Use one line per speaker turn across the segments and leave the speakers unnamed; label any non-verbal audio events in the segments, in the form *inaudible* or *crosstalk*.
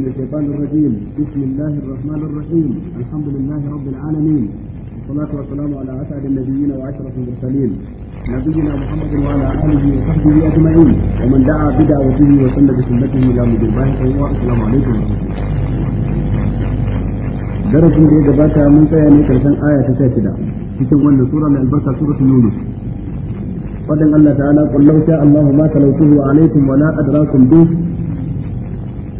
الشيطان الرجيم بسم الله الرحمن الرحيم الحمد لله رب العالمين والصلاة والسلام على أسعد النبيين وعشرة المرسلين نبينا محمد وعلى آله وصحبه أجمعين ومن دعا بدعوته وسن بسنته إلى مدير الله السلام عليكم درسنا في جبهة من سيئة كرسان آية تساسدة في سورة من البصر سورة يونس قال الله تعالى قل لو شاء الله ما تلوته عليكم ولا أدراكم به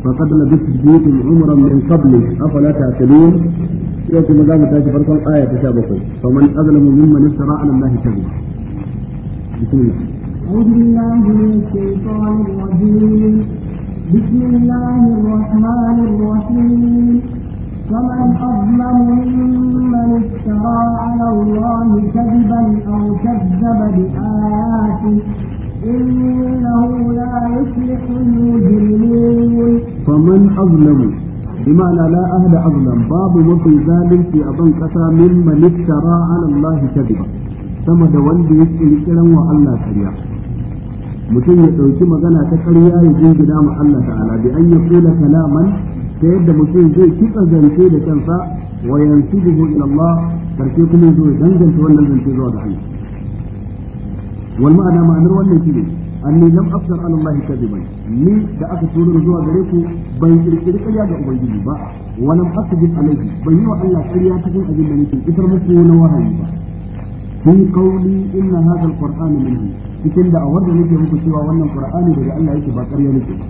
فقد لبثت بيت عمرا من قبل أفلا تعتدون يوكي مدام تاج فرق الآية تشابقوا فمن أظلم ممن افترى على الله كذبا بسم الله
أعوذ بالله من الشيطان الرجيم بسم الله الرحمن الرحيم فمن أظلم ممن افترى على الله كذبا أو كذب بآياته إنه لا يفلح
المجرمون فمن أظلم بمعنى لا أهل أظلم باب مفي ذلك في أبن كسا ممن افترى على الله كذبا sama da wanda ya ƙi kiran wa Allah kariya mutum ya ɗauki magana ta karya ya jingina ma Allah ta'ala bi an yaqula kalaman ta yadda mutum zai kitsa zance da kansa wa yansibuhu ila Allah karshe kuma zo ya danganta wannan zance zuwa da Allah wal ma'ana ma'anar wannan shine anni lam afsar ala Allah kadiban ni da aka turo zuwa gare ku ban kirkiri ƙarya ga ubangiji ba wa lam asjid alayhi ban yi wa Allah ƙarya cikin abin da nake isar muku na wahayi ba fi qawli inna hadha alqur'ana minhu cikin da awar da nake muku cewa wannan qur'ani daga Allah yake ba ƙarya nake ba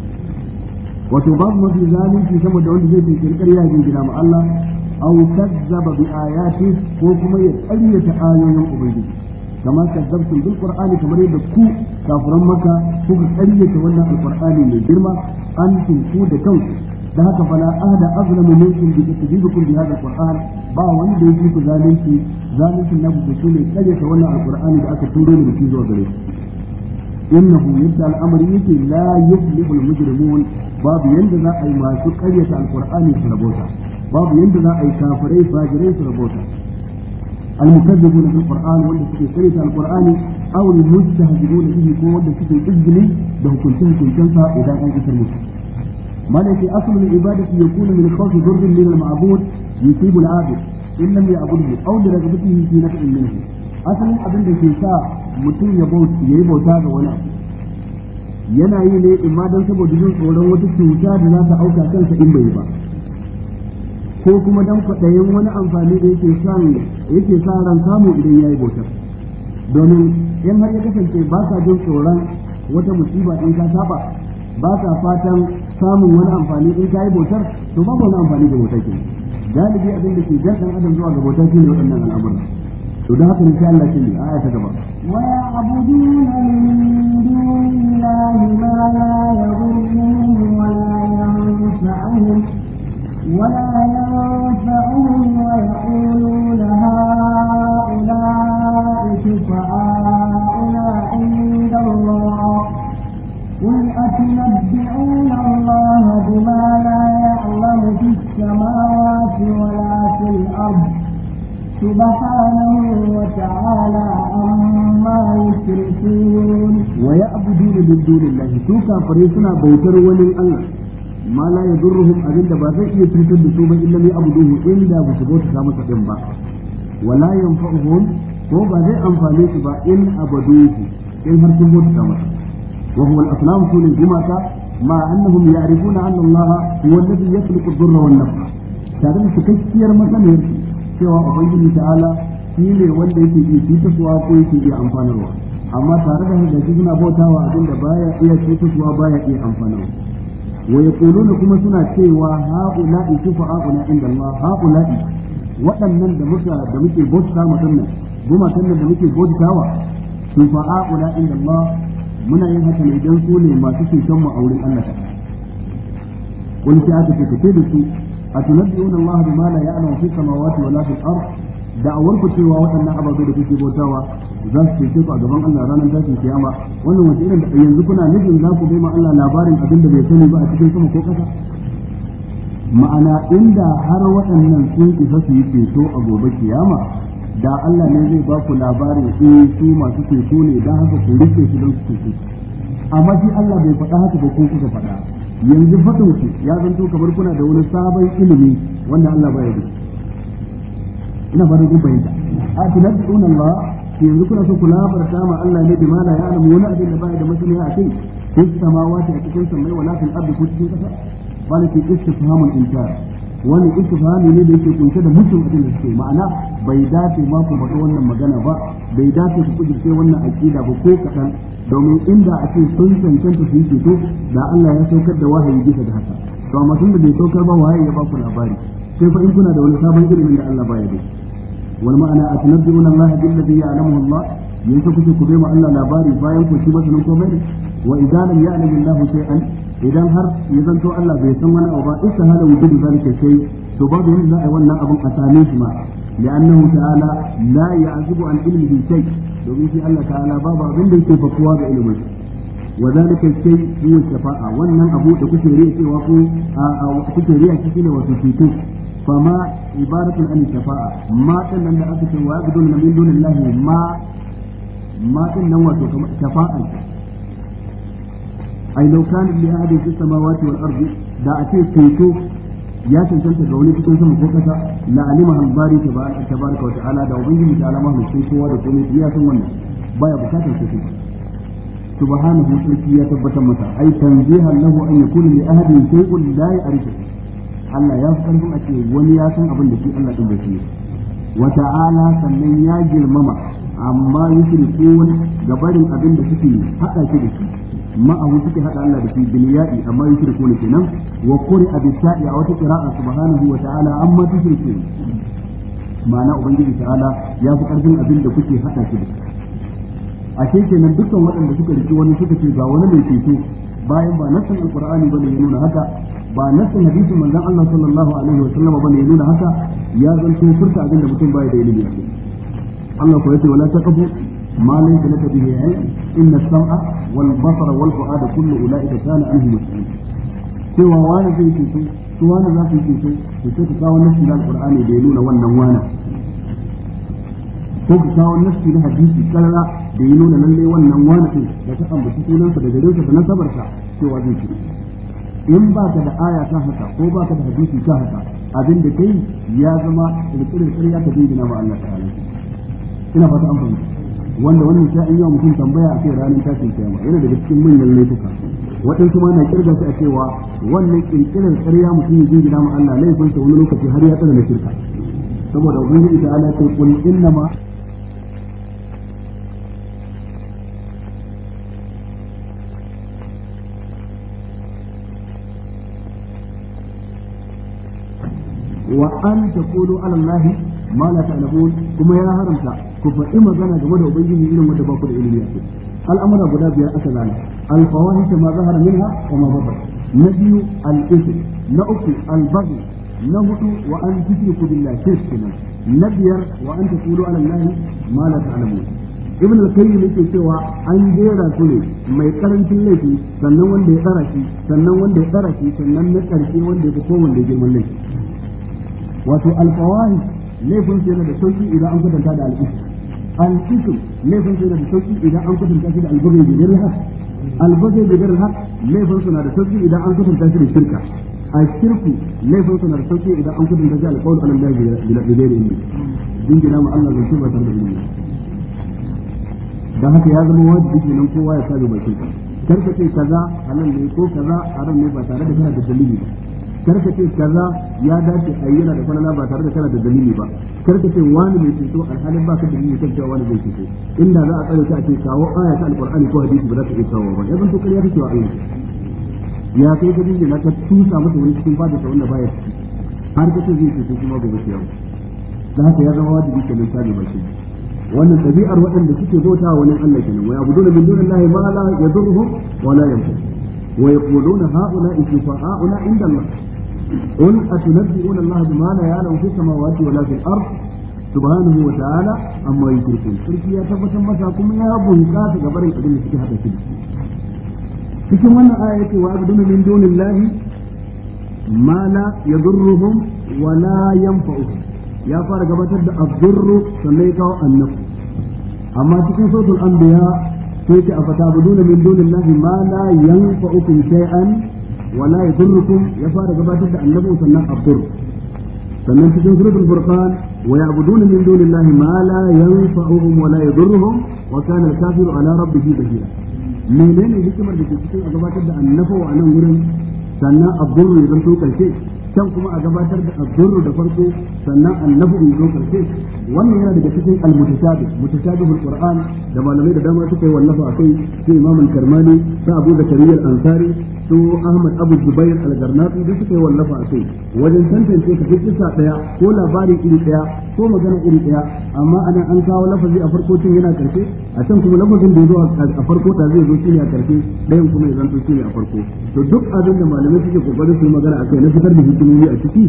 wato babu mafi zalunci sama da wanda zai kirkiri ƙarya ga gina ma Allah aw kazzaba bi ayati ko kuma ya ƙaryata ayoyin ubangiji kamar kazzabtum bil qur'ani kamar yadda ku kafiran maka kuka karyata wannan alqur'ani mai girma antum ku da kanku da haka fala ahada azlamu minkum bi tasdiqikum bi hadha alqur'an ba wanda yake ku zalunci zalunci na ku shine karyata wannan alqur'ani da aka turo ne da shi zuwa gare innahu yadda al'amari yake la yuflihul mujrimun babu yanda za a yi masu karyata alqur'ani su rabota babu yanda za a yi kafirai fajirai su rabota المكذبون بالقرآن ولا في قرية القرآن أو المجتهدون به ولا في الإجل له كنتم كنتم إذا كان يسلمون ما ليس أصل العبادة يكون من خوف ضر من المعبود يصيب العابد إن لم يعبده أو لرغبته في نفع منه asalin abin da ke sa mutum ya yi bauta ga wani yana yi ne imma don saboda jin tsoron wata cuta da za ta auka kansa in bai ba ko kuma dan kwaɗayin wani amfani da yake son yake sa ran samu idan ya yi bautar domin in har ya kasance ba sa jin tsoron wata musiba in ka saba ba sa fatan samun wani amfani in ka yi bautar to ba wani amfani da bautar ke galibi abin da ke jan ɗan adam zuwa ga bautar shine ne waɗannan al'amura to da haka insha Allah ne, a aya ta gaba
wa ya'buduna min dunillahi ma la yadhurruhum wa la yanfa'uhum ولا ينفعون ويقولون هؤلاء شفعاؤنا عند الله قل أتنبئون الله بما لا يعلم في السماوات ولا في الأرض سبحانه وتعالى عما يشركون
ويعبدون من دون الله سوكا فريسنا بوتر ولي الله ma la yadurruhum abinda ba zai iya cutar da su ba illa li abuduhu inda ba su bauta masa din ba wala yanfa'uhum ko ba zai amfane su ba in abaduhu in har sun bauta masa wa huwa al-aslam kullu gumaka ma annahum ya'rifuna anna Allah huwa tare da cikakkiyar masaniyar cewa ubangiji ta'ala shi ne wanda yake iya cutarwa ko yake iya amfanarwa amma tare da haka suna bautawa abinda baya iya cutarwa baya iya amfanarwa Waya yaquluna kuma suna cewa haula'i shufa'a'una inda Allah haula'i waɗannan da muka da muke bauta ma dinnan goma tannan da muke bautawa shufa'a'una inda Allah muna yin haka ne dan sune masu ceton mu auren Allah ta wani sai aka ce kace da su atunabbi'una Allah bima la da'awar ku cewa waɗannan ababai da kuke bautawa za su ce ku a gaban Allah ranar tashin kiyama wannan wace irin da yanzu kuna nufin za ku ma Allah labarin abin da bai sani ba a cikin sama ko ƙasa ma'ana inda har waɗannan sun isa su yi ceto a gobe kiyama da Allah ne zai ba ku labarin eh su masu ceto ne dan haka ku rike su don su ceto amma shi Allah bai faɗa haka ba ko kuka faɗa yanzu faɗin ku ya zanto kamar kuna da wani sabon ilimi wanda Allah ba ya ina ba da kun fahimta a tunabbi'una Allah yanzu kuna so ku labarta ma Allah ne bima la ya'lamu wani abin da ba da masaniya a kai fi samawati a cikin sammai wala fil ardi ko cikin kasa balaki istifhamul inkar wani istifhami ne da yake kunshe da mutum abin da suke ma'ana bai dace ma ku faɗi wannan magana ba bai dace ku kujirce wannan aqida ba ko kaɗan domin inda a ce sun cancanta su yi ceto da Allah ya saukar da wahayi bisa da haka to amma tun da bai saukar ba wahayi ya ba ku labari sai fa in kuna da wani sabon ilimin da Allah baya da shi wal ma'ana atunabbi'una Allah bil ladhi ya'lamuhu Allah yanzu kuke ku wa Allah labari bayan ku shi masanin komai ne wa idan lam ya'lamu Allah shay'an idan har ya zanto Allah bai san wani abu ba hala wujudu zalika shay to babu wani za a yi wannan abun a same shi ma لأنه تعالى لا يعزب عن علمه شيء domin shi Allah ta'ala babu abin da yake fakuwa ga ilimin وذلك الشيء هو الشفاعة wannan abu da kuke riya cewa ku kuke riya فما عبارة عن الشفاعة ما كان لنا أكثر ويعبدون من دون الله ما ما كان نوى شفاعة أي لو كان لأحد في السماوات والأرض دا أتي سيتو يا تنتهي تقولي تكون سمع فوقك لا علمها الباري تبارك وتعالى دا وبيه تعالى ما هو سيتو ودا تقولي يا سمع بايا بكاتا سيتو سبحانه وتعالى يا تبتا متى أي تنزيها له أن يكون لأحد شيء لا يعرفه Allah ya fi karfin a ce wani ya san abin da shi Allah din bai sani wa ta'ala sannan ya girmama amma yushrikun ga barin abin da suke hada shi da shi ma'ahu suke hada Allah da shi bil ya'i amma yushrikun kenan wa qur'a bi sa'i a wata qira'a subhanahu wa ta'ala amma tushrikun ma'ana ubangiji ta'ala ya fi karfin abin da kuke hada shi da shi a kenan dukkan waɗanda suka riki wani suka ce ga wani mai ceto bayan ba nassin alqur'ani bane ya nuna haka ba nassin hadisin manzon Allah sallallahu alaihi wa sallam bane ya nuna haka ya zanto furta abin da mutum baya da ilimi akai Allah ko yace wala taqfu ma laysa laka bihi ilm inna as-sam'a wal basara wal fu'ada kullu ulaika kana anhu mas'ul cewa wani zai ceto su wani za su ceto to sai ka kawo nassin alqur'ani da ya nuna wannan wani ko ka kawo nassi na hadisi karara da ya nuna lallai wannan wani da ta ambaci sunansa da gare sa da nasabarsa cewa zai in ba ka da aya ta haka ko ba ka da hadisi ta haka abin da kai ya zama rikirin ƙarya ka dingina ba Allah ta'ala ina fata an fahimta wanda wannan sha'in yawa mutum tambaya a kai ranar tashin kiyama yana daga cikin manyan laifuka waɗansu ma na kirga su a cewa wannan ƙirƙirar ƙarya mutum ya dingina ma Allah sa wani lokaci har ya tsara na shirka saboda ubangiji ta'ala sai kul innama wa an taqulu ala allahi ma la ta'lamun kuma ya haramta ku faɗi magana game da ubangiji irin wanda ba ku da ilimi akai al'amura guda biyar aka zana al-fawahish ma zahara minha wa ma bada na biyu al-ithm na uku al-baghy na hudu wa an tushriku billahi shirkina na biyar wa an taqulu ala allahi ma la ta'lamun ibn al-qayyim yake cewa an jera su ne mai karancin laifi sannan wanda ya tsara shi sannan wanda ya tsara shi sannan na karshe wanda ya ko wanda ya girman laifi wato alfawahi laifin su yana da sauki idan an kwatanta da al'ism al'ism laifin su yana da sauki idan an kwatanta shi da albugai da gari haka albugai da gari haka laifin su da sauki idan an kwatanta shi da shirka الشرك ليس وطن الشرك إذا أنكر من رجال القول على الله بغير علم دين جنام الله من شبه ترد علم da haka ya zama wajibi nan kowa ya sabe bakin ka karka ce kaza halal ne ko kaza haram ne ba tare da kana da dalili ba kar ka ce kaza ya dace a yana da falala ba tare da kana da dalili ba kar ka ce wani mai ceto alhalin ba ka da dalili kan cewa wani zai ceto inda za a tsaya a ce kawo aya ta alqur'ani ko hadisi ba za ka iya kawo ba ya zanto kariya kake wa Allah ya kai ka dinga na ka tusa masa wani cikin fada ta wanda baya ciki har ka ce zai ce ceto kuma gobe kiyama da haka ya zama wajibi ka mai tabi ba shi wannan ɗabi'ar waɗanda suke bauta wa wani Allah kenan wa yabuduna min dunillahi ma la yadurruhum wa la yanfa'uhum wa yaquluna ha'ula'i shufa'a'una inda Allah قل أتنبئون الله بما لا يعلم في السماوات ولا في الأرض سبحانه وتعالى أما masa kuma ya مساكم يا أبو هكاة قبر الأدلة في هذا الشيء cikin wannan aya yake wa abduna min dunillahi ma la yadurruhum wa la yanfa'uhum ya fara gabatar da abdurru sannan ya kawo annabi amma cikin suratul anbiya sai ce afatabuduna min dunillahi ma wala yadurrukum ya fara gabatar da annabi sannan abdur sannan cikin suratul furqan wa ya'buduna min dunillahi ma la yanfa'uhum wa la yadurruhum wa kana al-kafiru ala rabbih zahira menene hikimar da ke cikin gabatar da annabi a nan wurin sannan abdur ya zanto karshe can kuma a gabatar da azzurru da farko sannan annabi in zo karshe wannan yana daga cikin almutashabi mutashabihul qur'an da malamai da dama suka yi wallafa akai su imam al-karmani su abu zakariya ansari su ahmad abu zubair al duk suka yi wallafa akai wajen tantance ka ɗaya daya ko labari iri daya ko magana iri daya amma ana an kawo lafazi a farko tun yana karshe a can kuma lafazin da ya zo a farko da zai zo shine a karshe dayan kuma ya zanto shine a farko to duk abin da malamai suke kokarin su magana akai na fitar da fitinoyi a ciki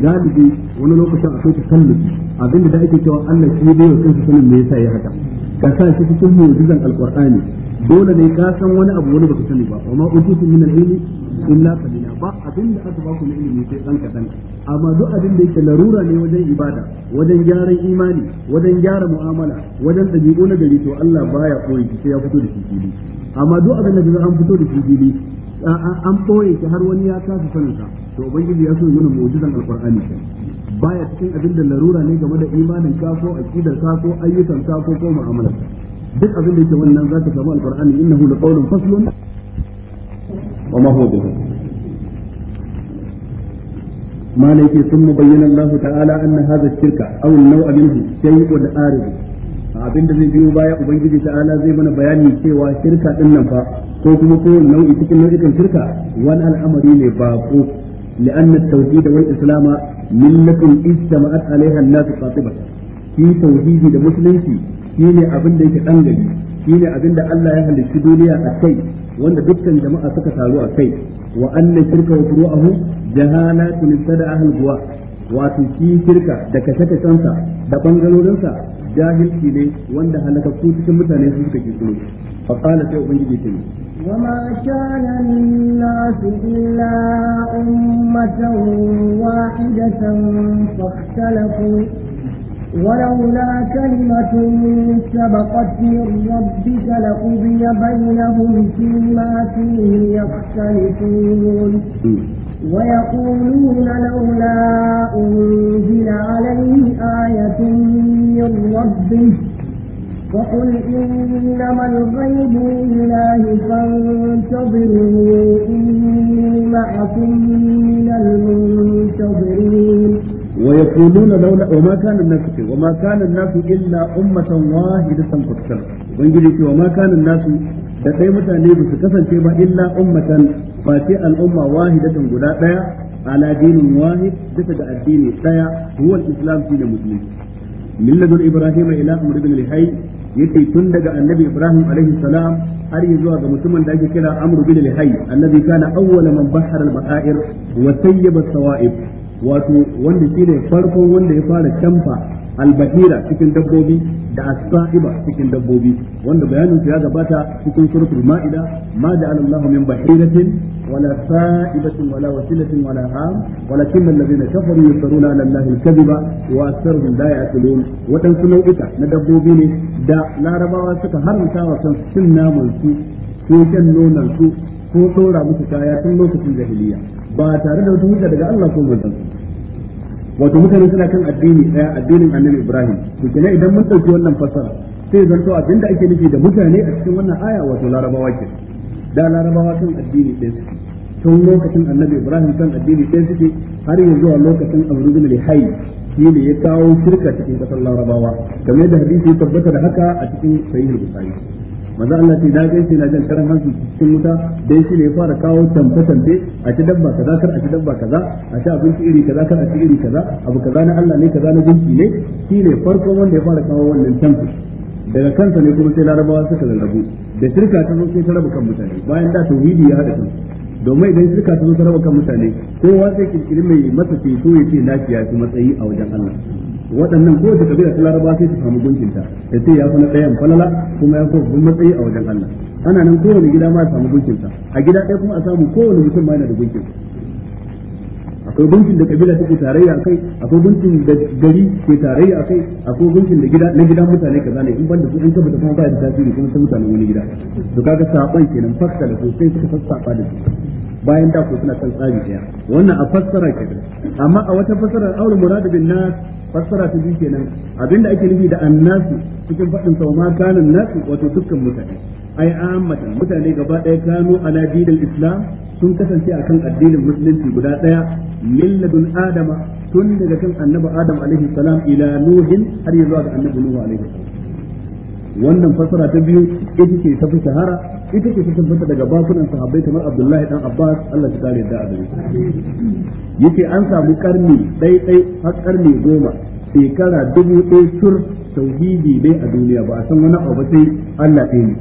galibi wani lokacin akwai takalluki abinda da ake cewa Allah shi bai wa kansa sanin me yasa ya haka ka sa shi cikin mu'jizan alqur'ani dole ne ka san wani abu wani baka sani ba amma ujitu min al-ilmi illa qalila ba abinda aka ba ku na ilimi sai dan kadan amma duk abin da yake larura ne wajen ibada wajen gyaran imani wajen gyara mu'amala wajen dabi'u na gari to Allah baya koyi sai ya fito da shi amma duk abin da an fito da shi an boye shi har wani ya kasa sanin sa to ubangiji ya so yi mana mu'jizan alqur'ani baya cikin abin da larura ne game da imanin ka ko aqidar ka ko ayyukan ka ko ko mu'amalar duk abin da yake wannan za ka samu alqur'ani innahu laqawlun faslun wa ma huwa bihi ما sun ثم بين ta'ala تعالى أن shirka الشرك أو النوع منه شيء عارض abin da zai biyo baya ubangiji ta'ala zai mana bayani cewa shirka din nan fa ko kuma ko nau'i cikin nau'ikan shirka wani al'amari ne ba ko لأن التوحيد والإسلام ملة اجتمعت عليها الناس قاطبة في توحيد المسلمين shine abin da yake dangane shine abin da Allah ya halitta duniya a kai wanda dukkan jama'a suka taru a kai wa anna shirka wa furu'ahu jahalatun sada ahlul wato shi shirka da kashe-kashensa da bangarorinsa jahilci ne wanda halaka ku cikin mutane su suka ki suna fa kana sai ubangiji ya
ce wa ma kana nasu illa ummatan wahidatan fakhtalafu ولولا كلمة سبقت من ربك لقضي بينهم فيما فيه يختلفون ويقولون لولا أنزل عليه آية من ربه وقل إنما الغيب لله فانتظروا إني معكم من المنتظرين
ويقولون لولا وما كان الناس وما كان الناس إلا أمة واحدة قد شرع وما كان الناس da sai mutane ba su kasance ba illa ummatan face al'umma wahidatan guda daya ala dinin wahid bisa ga addini daya huwa al-islam fi musulmi milladun ibrahim ila amr ibn lihay yace tun daga annabi ibrahim alaihi salam har zuwa ga mutumin da ake kira amr ibn annabi kana awwal man bahara al-ba'ir wa tayyaba sawaib wato wanda shine farkon wanda ya fara canfa al-bahira cikin dabbobi da as cikin dabbobi wanda bayanin ya gabata cikin suratul ma'ida ma ja'ala Allahu min bahiratin wala sa'ibatin wala wasilatin wala ham walakin alladhina kafaru yusarruna 'ala Allahi al-kadhiba wa aktharuhum la ya'qilun wadansu nau'ika na dabbobi ne da larabawa suka haramta wa san cin naman su ko kan nonan su ko tsora musu kaya tun lokacin jahiliya ba tare da wata hujja daga Allah ko manzon wato mutane suna kan addini daya addinin annabi ibrahim to kenan idan mun dauki wannan fasara sai zanto abinda ake nufi da mutane a cikin wannan aya wato larabawa ke da larabawa kan addini ɗaya suke tun lokacin annabi ibrahim kan addini ɗaya suke har yanzu a lokacin abu bin lihai shi ne ya kawo shirka cikin kasar larabawa game da hadisi ya tabbata da haka a cikin sahih bukhari manzo Allah ce da gaishe na jan karan hansu cikin wuta dai shi ne ya fara kawo tamfe tamfe a ci dabba kaza kar a ci dabba kaza a ci abinci iri kaza kar a ci iri kaza abu kaza na Allah ne kaza na jinki ne shi ne farko wanda ya fara kawo wannan tamfe daga kansa ne kuma sai larabawa suka rarrabu da shirka ta zo sai ta raba kan mutane bayan da tauhidi ya hada kansu domin idan shirka ta zo ta raba kan mutane kowa sai kirkiri mai masa ceto ya ce lafiya su matsayi a wajen Allah waɗannan kowace kabila ta laraba sai ta samu gunkinta da sai ya kuma na ɗayan falala kuma ya kuma babban matsayi a wajen Allah ana nan kowane gida ma ya samu gunkinta a gida ɗaya kuma a samu kowane mutum ma yana da gunkin akwai gunkin da kabila take tarayya a kai akwai gunkin da gari ke tarayya a kai akwai gunkin da gida na gida mutane kaza ne in ban da su an tabbata kuma ba da tasiri kuma ta mutanen wani gida to kaga saban kenan fakta da sosai suka sassafa da su bayan da ku suna kan tsari daya wannan a fassara ke amma a wata fassarar aure muradu bin nas fassara ta biyu kenan abinda ake nufi da annasu cikin fadin sa ma kanan nasu wato dukkan mutane ai ammatan mutane gaba daya kanu ala dinil islam sun kasance akan addinin musulunci guda daya milladun adama tun daga kan annabi adam alaihi salam ila nuhin har ga annabi nuhu alaihi salam wannan fasara ta biyu ita ce ta fi shahara ita ce ta tabbata daga bakunan sahabbai kamar Abdullahi dan Abbas Allah ya kare da azumi yake an samu karni dai dai har karni goma shekara dubu ɗaya tur tauhidi dai a duniya ba a san wani abu sai Allah ɗaya ne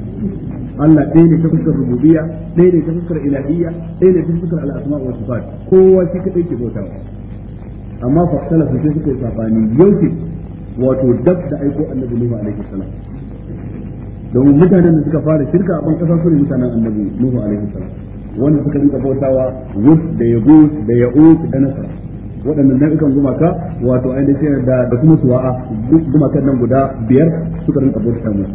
Allah ɗaya ne ta fuskar rububiyya ɗaya ne ta fuskar ilahiyya ɗaya ne ta fuskar al'asma wa sifat kowa shi kaɗai ke bautawa amma fa salafu sai suka yi sabani yau wato dab da aiko annabi Nuhu alaihi salam domin mutanen da suka fara shirka a ban kasa su ne mutanen annabi nuhu alaihi salam wanda suka rinka bautawa wus da yagus da ya'uk da nasara waɗannan nau'ikan gumaka wato ainihin da da kuma suwa'a duk gumakan nan guda biyar suka rinka bauta musu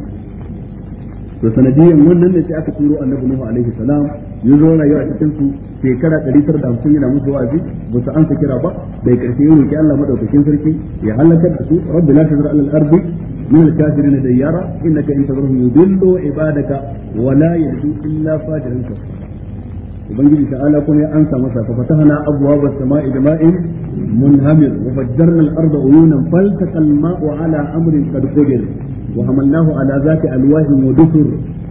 to sanadiyan wannan ne sai aka turo annabi nuhu alaihi salam ya zo rayuwa a cikin su shekara 950 yana musu wa'azi ba su ansa kira ba bai karshe ya roki Allah madaukakin sarki ya halaka da su rabbi la tazra al ardi من الكافرين ديارا إنك إن تذرهم يضلوا عبادك ولا يهدوا إلا فاجرا كفرا ubangiji ta ala kuma ya ansa masa fa fatahna abwaaba as-samaa'i bima'in munhamir wa fajjarna al-arda uyunan faltaqa al-ma'u ala amrin qad qadir wa hamalnahu ala zati alwahin wa dusur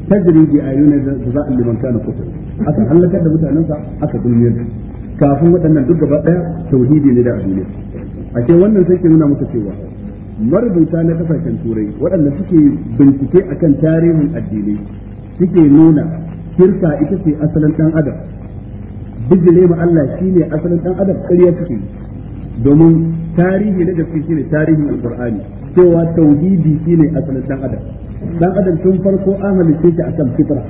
tajri bi ayunina jazaa'an liman kana kufur aka halakar da mutanen sa aka duniyar kafin waɗannan duk gaba daya tauhidi ne da duniya ashe wannan sai ke nuna muku cewa marubuta na kasashen turai waɗanda suke bincike akan tarihin addinai suke nuna shirka ita ce asalin dan adam ma Allah shine asalin dan adam ƙarya suke domin tarihi na gaske shine tarihin alqur'ani cewa tauhidi shine asalin dan adam dan adam tun farko an halitta shi akan fitra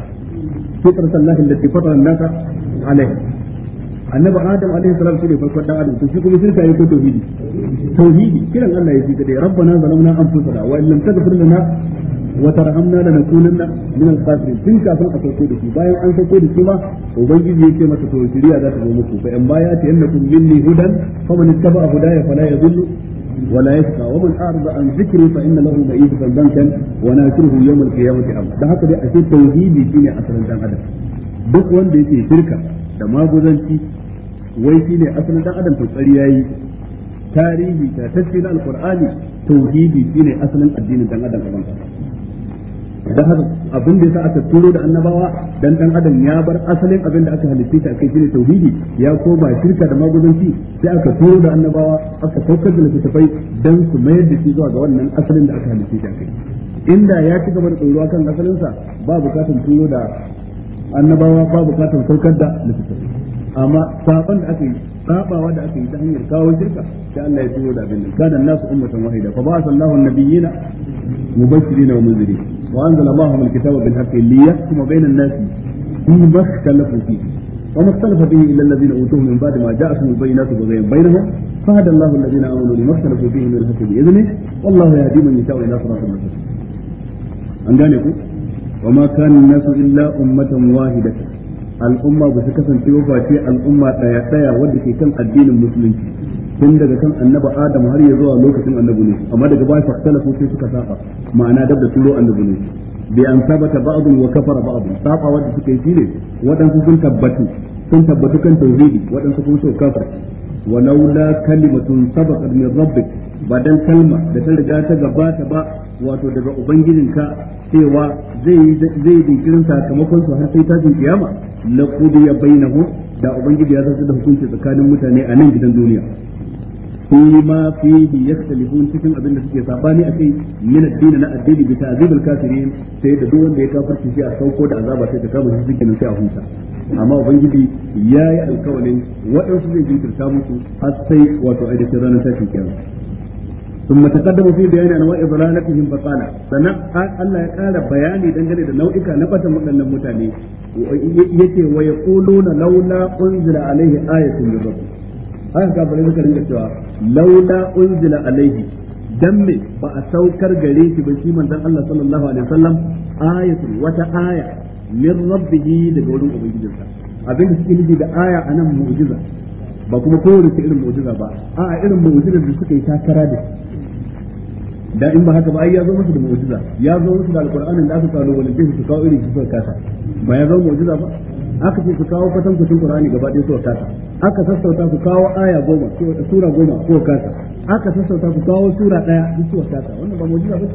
fitra sallahi allati fatara an-nasa alaiha annabi adam alaihi salam shine farkon dan adam to shi kuma shirka yake tauhidi tauhidi kiran Allah yake kadai rabbana zalamna anfusana wa illam taghfir lana wa tarhamna lanakunanna min al-khasirin tun kafin a sauko da shi bayan an sauko da shi ma ubangiji yake masa to shiriya za ta zo muku fa in baya ta yannakum minni hudan faman ittaba'a hudaya fala yadhillu ولا يشقى ومن اعرض عن ذكري فان له معيشه ضنكا وناكله يوم القيامه اما ده هكذا اشي توحيدي شيء اصلا دان Adam. duk wanda yake shirka da maguzanci wai shi ne asalin dan adam to tsari yayi tarihi ta tafsirin alqur'ani tauhidi shi ne asalin addinin dan adam gaban da haka abin da yasa aka turo da annabawa dan dan adam ya bar asalin abin da aka halitta ta kai shine tauhidi ya koma shirka da maguzanci sai aka turo da annabawa aka saukar da littattafai dan su mayar da shi zuwa ga wannan asalin da aka halitta ta kai inda ya ci gaba da tsoro kan asalinsa ba bukatun turo da annabawa ba bukatar saukar da littattafai amma sabon da ake sabawa da ake yi ta hanyar kawo shirka sai Allah ya tsoro da abin nan kana nasu ummatan wahida fa ba'atha sallahu an-nabiyina mubashirin wa munzirin wa anzala Allahu al-kitaba bil haqqi liyahkuma bayna an-nasi فيما اختلفوا فيه وما اختلف به الا الذين اوتوه من بعد ما جاءتهم البينات بغيا بينهم فهدى الله الذين امنوا لما اختلفوا فيه من الحق باذنه والله يهدي من يشاء الى صراط المستقيم. ان وما كان الناس إلا أمة واحدة الأمة al'umma توفى الأمة wanda ke kan addinin musulunci tun daga kan annaba adam har ya zuwa lokacin annabi ne amma daga baya fa talafu sai suka saba ma'ana dabba turo annabi ne bi an sabata ba'd wa kafara ba'd saba wanda suka yi shine wadansu sun tabbatu sun tabbatu kan tauhidi wadansu kuma suka kafara ولولا كلمة سبقت من ربك بعدن كلمة da ta riga ta gabata ba wato daga ubangijinka cewa zai zai dinkirin sakamakon su har sai tashin kiyama la qudiya bainahum da ubangiji ya zartar da hukunci tsakanin mutane a nan gidan duniya fi ma fihi yaktalifun cikin abin da suke sabani akai min addini na addini bi ta'zibil kafirin sai da duk wanda ya kafirci shi a sauko da azaba sai ta kama cikin sai a huta amma ubangiji yayi alkawalin waɗansu zai jinkirta musu har sai wato aidata ranar tashin kiyama ثم تقدم في بيان انواع ضلالتهم فقال سنة الله قال بياني دنجلي ده نوعك نبت مدن المتاني ويقولون لولا انزل عليه آية من ربه haka kafirai suka rinka cewa laula unzila alaihi dan me ba a saukar gare shi ba shi manzon Allah sallallahu alaihi wasallam ayatu wata aya min rabbih daga wurin ubangijinsa abin da suke nufi da aya anan mu'jiza ba kuma kowace irin mu'jiza ba a irin mu'jizar da suka yi takara da da in ba haka ba ai ya zo musu da mu'jiza ya zo musu da alqur'anin da aka tsaro wani jefi su kawo irin su suka kasa ba ya zo mu'jiza ba aka ce su kawo kwatan kucin qur'ani gaba ɗaya su kasa aka sassauta ku kawo aya goma wata sura goma ko kasa aka sassauta ku kawo sura ɗaya su su kasa wannan ba mu'jiza ba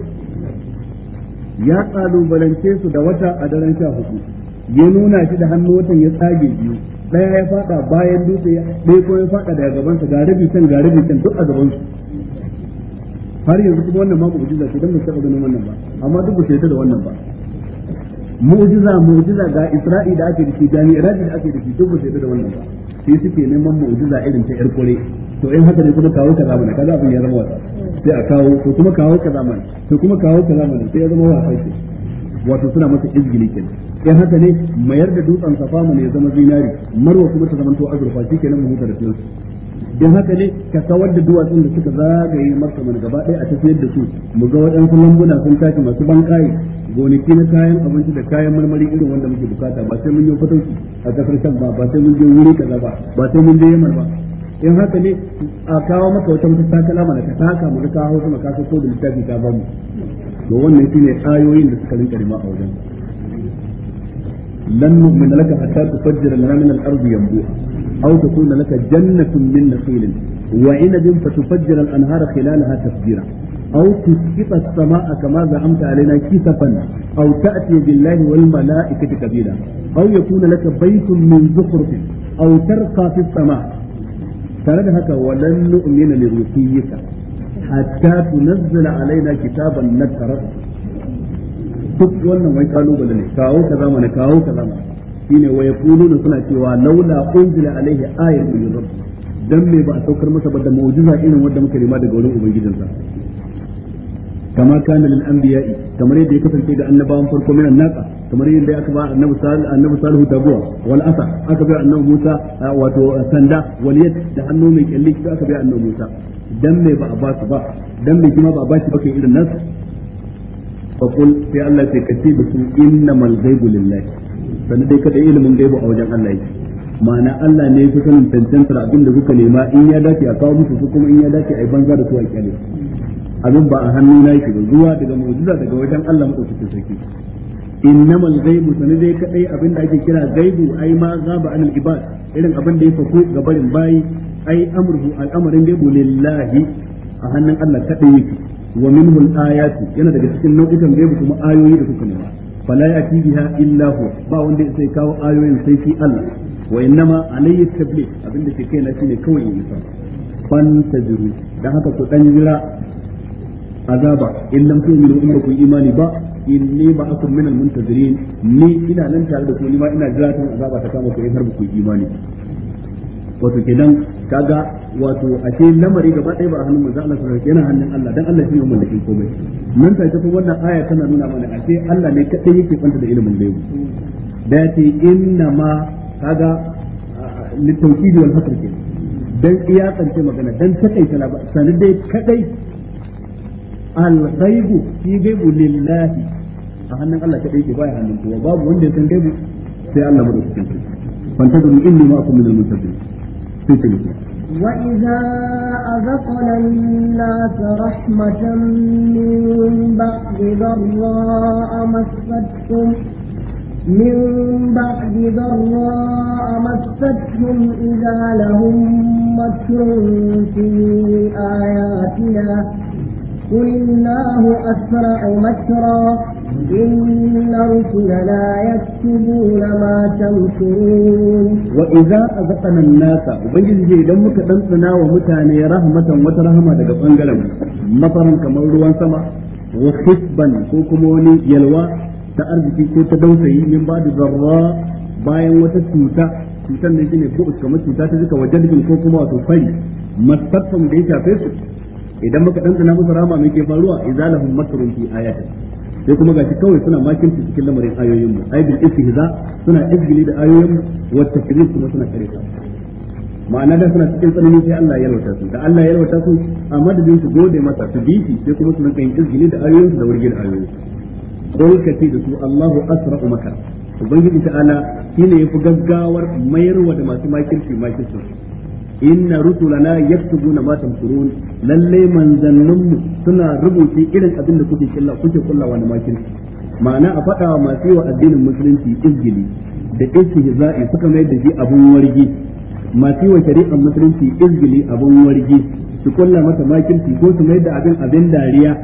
ya kalubalance su da wata a daren sha hudu ya nuna shi da hannu watan ya tsage biyu ɗaya ya fada bayan dutse ɗaya ko ya fada daga gabansa, ga rabi can ga rabi can duk a gaban su har yanzu kuma wannan ma mu'jiza ce dan mu taɓa ganin wannan ba amma duk ba ta da wannan ba mu'jiza mu'jiza ga isra'i da ake da shi ga da ake da duk ba sai da wannan sai suke neman mu'jiza irin ta yar kure to in haka ne kuma kawo kaza mana kaza abin ya zama wasa sai a kawo to kuma kawo kaza mana to kuma kawo kaza mana sai ya zama wasa ke wato suna masa izgili kenan in haka ne mayar da dutsen safa mana ya zama zinari marwa kuma ta zama to azurfa kenan mu huta da su don haka ne ka kawar da duwatsun da suka zagaye marka mana gaba ɗaya a tafiyar da su mu ga waɗansu lambuna sun tashi masu bankaye gonaki na kayan abinci da kayan marmari irin wanda muke bukata ba sai mun yi fatauci a kasar can ba ba sai mun je wuri kaza ba ba sai mun je yamar ba in haka ne a kawo maka wata mata kalama mana ka taka mu ka hau sama ka ko da littafi ta bamu to wannan shine ayoyin da suka rinka rima a wajen lan nu'minu laka hatta tufajjira lana min al-ardi yanbu'a أو تكون لك جنة من نخيل وعنب فتفجر الأنهار خلالها تفجيرا أو تسقط السماء كما زعمت علينا كسفا أو تأتي بالله والملائكة كبيرا أو يكون لك بيت من زخرف أو ترقى في السماء تردهك ولن نؤمن لرقيك حتى تنزل علينا كتابا نكره duk wannan wai kalubale ne kawo kaza mana kawo kaza mana shine wa yaquluna suna cewa laula unzila alaihi ayatun min rabbih dan me ba a saukar masa ba da mu'jiza irin wanda muka rima daga wurin ubangijinsa kama kana lil anbiya'i kamar yadda ya kasance ga annabawan farko min annaka kamar yadda aka ba annabi salih annabi salihu tabuwa wal asa aka ba annabi musa wato sanda wal yad da hannu mai kyalli aka ba annabi musa dan me ba a ba su ba dan me kuma ba a ba shi ba kai irin nasu fa qul sai Allah sai kace da su innamal ghaibu lillahi sannan dai kada ilimin gaibu a wajen Allah yake ma'ana Allah ne fi sanin tantantar abin da kuka nema in ya dace a kawo musu su kuma in ya dace a yi banza da su a kyale abin ba a hannu na yake ba zuwa daga mu'jiza daga wajen Allah madaukakin sarki innamal ghaibu sanin dai kadai abin da ake kira gaibu ai ma ghaba anil ibad irin abin da ya fako ga barin bayi ai amruhu al'amarin gaibu lillahi a hannun Allah kaɗai yake wa minhu al-ayatu yana daga cikin nau'ikan gaibu kuma ayoyi da kuka nema fala yati biha illa hu ba wanda sai kawo ayoyin sai shi Allah wa innama alayhi tabligh abinda ke kaina shine kawai in san fantaziru dan haka ku dan jira azaba in lam tu'minu in ku imani ba inni ba akum min al-muntazirin ni ina nan tare da ku ni ma ina jira a azaba ta kama ku in har ku imani wato kenan kaga wato a ce lamari gaba ɗaya ba a hannun manzo Allah sallallahu alaihi yana hannun Allah dan Allah shine mun da komai nan ta tafi wannan aya tana nuna mana a ce Allah ne kadai yake kwanta da ilimin gaibi da ya ce inna ma kaga ah, litawkidi wal hasr ke dan iya tsance magana dan takaita la sanin dai kadai al ghaibu fi ghaibu lillahi a hannun Allah kadai ke baya hannun kowa babu wanda ya san gaibi sai Allah madaukakin sarki fantazuru inni ma'akum min al-muttaqin
وإذا أذقنا الناس رحمة من بعد ضراء مستهم من بعد ضراء مستهم إذا لهم مكر في آياتنا قل الله أسرع مكرا إن رسلنا يكتبون ما تمكرون
وإذا أذقنا الناس وبنجد جي دم كتنسنا ومتاني رحمة وترحمة دقا أنقلم مطرا كما روان سما وخصبا كوكموني يلوى تأرضي من بعد bayan wata cuta cutar ne shine ko kamar cuta ta zika wajen ko kuma wato fari mastaffan da ya shafe su idan muka dantana musu rama mai ke faruwa idza lahum masrun fi ayatin sai kuma gashi kawai suna makinci cikin lamarin ayoyin mu ai bil istihza suna izgili da ayoyin mu wa takrib kuma suna kare ta ma'ana da suna cikin tsanani sai Allah ya rawata su da Allah ya rawata su a madadin su gode masa su bi shi sai kuma suna rinka yin izgili da ayoyin su da wurgin ayoyin dole ka ce da su Allahu asra'u makar ubangiji ta'ala shine yafi gaggawar mayarwa da masu makirci makirci inna rusulana yaktubuna ma tamkurun lalle manzanninmu suna rubuce irin abin da kuke killa kuke kullawa na makin ma'ana a faɗa wa masu yawa addinin musulunci izgili da istihza'i suka mai da shi abun wargi masu yawa shari'ar musulunci izgili abun wargi su kulla mata makinci ko su mai da abin abin dariya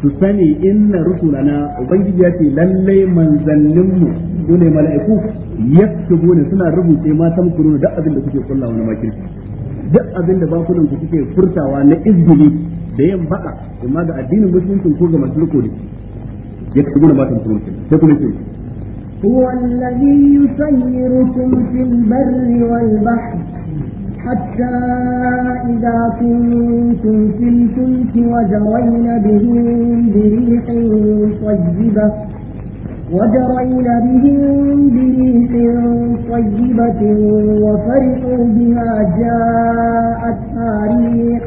su sani inna rusulana ubangiji ya ce lalle manzanninmu su ne mala'iku yaktubu ne suna rubuce ma sam kurun da abin da kuke kullawa na makin duk abin da bakunan ku kuke furtawa na izgili da yin baka amma ga addinin musulunci ko ga masu riko ne yaktubu ne ma sam kurun sai kuma ce
هو الذي يسيركم في البر والبحر حتى إذا كنتم في الفلك وجرين بهم بريح طيبة وجرين بهم بريح طيبة وفرحوا بها جاءتها ريح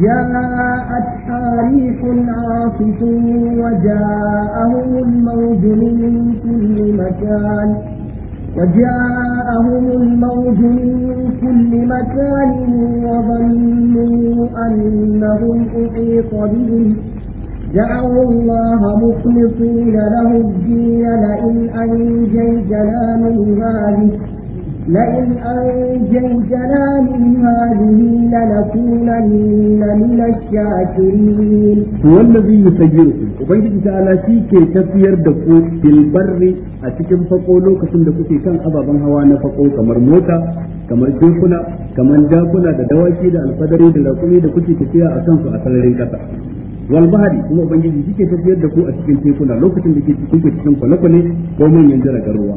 جاءتها ريح عاصف وجاءهم الموج من كل مكان وجاءهم الموج من كل مكان وظنوا أنهم أحيط بهم دعوا الله مخلصين له الدين لئن أنجيتنا من هذه لئن أنجيتنا من هذه لنكونن من الشاكرين والذي
الذي يسيركم وبنجد تعالى شيك تسير دكو في البر أتكم فقولو كسم دكو في كان أبابا هوانا فقول كمر موتا kamar jinkuna kamar dakuna da dawaki da alfadari da rakumi da kuke tafiya a kansu a sararin kasa wal bahari kuma ubangiji kike tafiyar da ku a cikin tekuna lokacin da kike cikin kwale-kwale ko manyan jiragen ruwa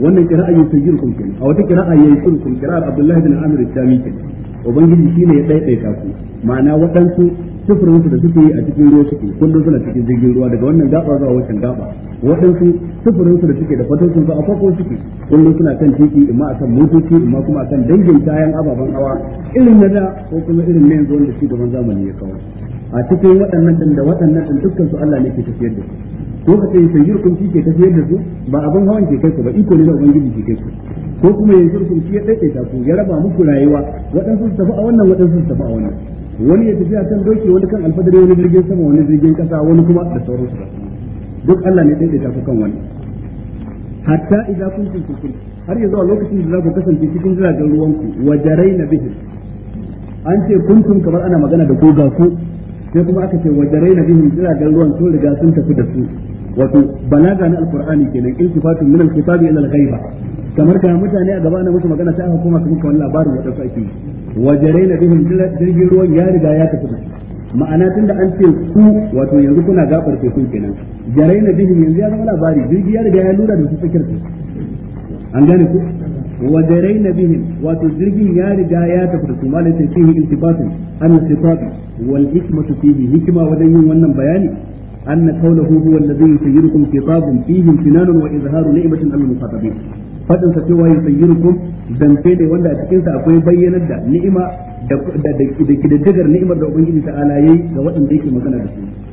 wannan kira'a ya tujir kunkin a wata kira'a ya yi kun kira'ar Abdullahi bin Amir al-Jami kenan ubangiji shine ya daidaita ku ma'ana waɗansu sufurin da suke a cikin ruwa suke kullum suna cikin jirgin ruwa daga wannan gaba zuwa wancan gaba waɗansu sufurin da suke da fatan sun a fako suke kullum suna kan titi amma a kan motoci imma kuma a kan dangin kayan ababen hawa irin na da ko kuma irin na yanzu wanda gaban zamani ya kawo a cikin waɗannan ɗin da waɗannan ɗin dukkan su Allah ne ke tafiyar da su ko ka ce yurkun shi ke tafiyar da su ba abin hawan ke kai ku ba iko ne na ubangiji ke kai ku ko kuma yanzurkum shi ya daidaita ku ya raba muku rayuwa waɗansu su tafi a wannan waɗansu su tafi a wannan wani ya tafi a kan doki wani kan alfadari wani jirgin sama wani jirgin kasa wani kuma da sauransu duk Allah ne daidaita ku kan wani. hatta idza kuntum fi kulli har yanzu a lokacin da za ku kasance cikin jiragen ruwanku wajarai na bihi an ce kuntum kamar ana magana da ko ga ku sai kuma aka ce wajarai na bihim jiragen ruwan sun riga sun tafi da su wato balaga na alqur'ani kenan iltifatu min alkitabi ila alghaiba kamar ka mutane a gaba na musu magana sai aka koma kuma kamar labarin wata sake na bihim jirgin ruwan ya riga ya tafi ma'ana tunda an ce ku wato yanzu kuna gabar tekun kenan jarai na bihim yanzu ya zama labari jirgi ya riga ya lura da su tsakiyar teku an gane ku wa na bihim wato jirgin ya riga ya tafi da su malai sai fihi iltifatun an sifafi wal hikmatu fihi hikima wajen yin wannan bayani أن قوله هو الذي يسيركم خطاب فيه امتنان وإظهار نعمة على المخاطبين fadin sa cewa yusayyirukum zance ne wanda a cikin sa akwai bayyanar da ni'ima da kididdigar ni'imar da ubangiji ta ala yayi ga waɗanda yake magana da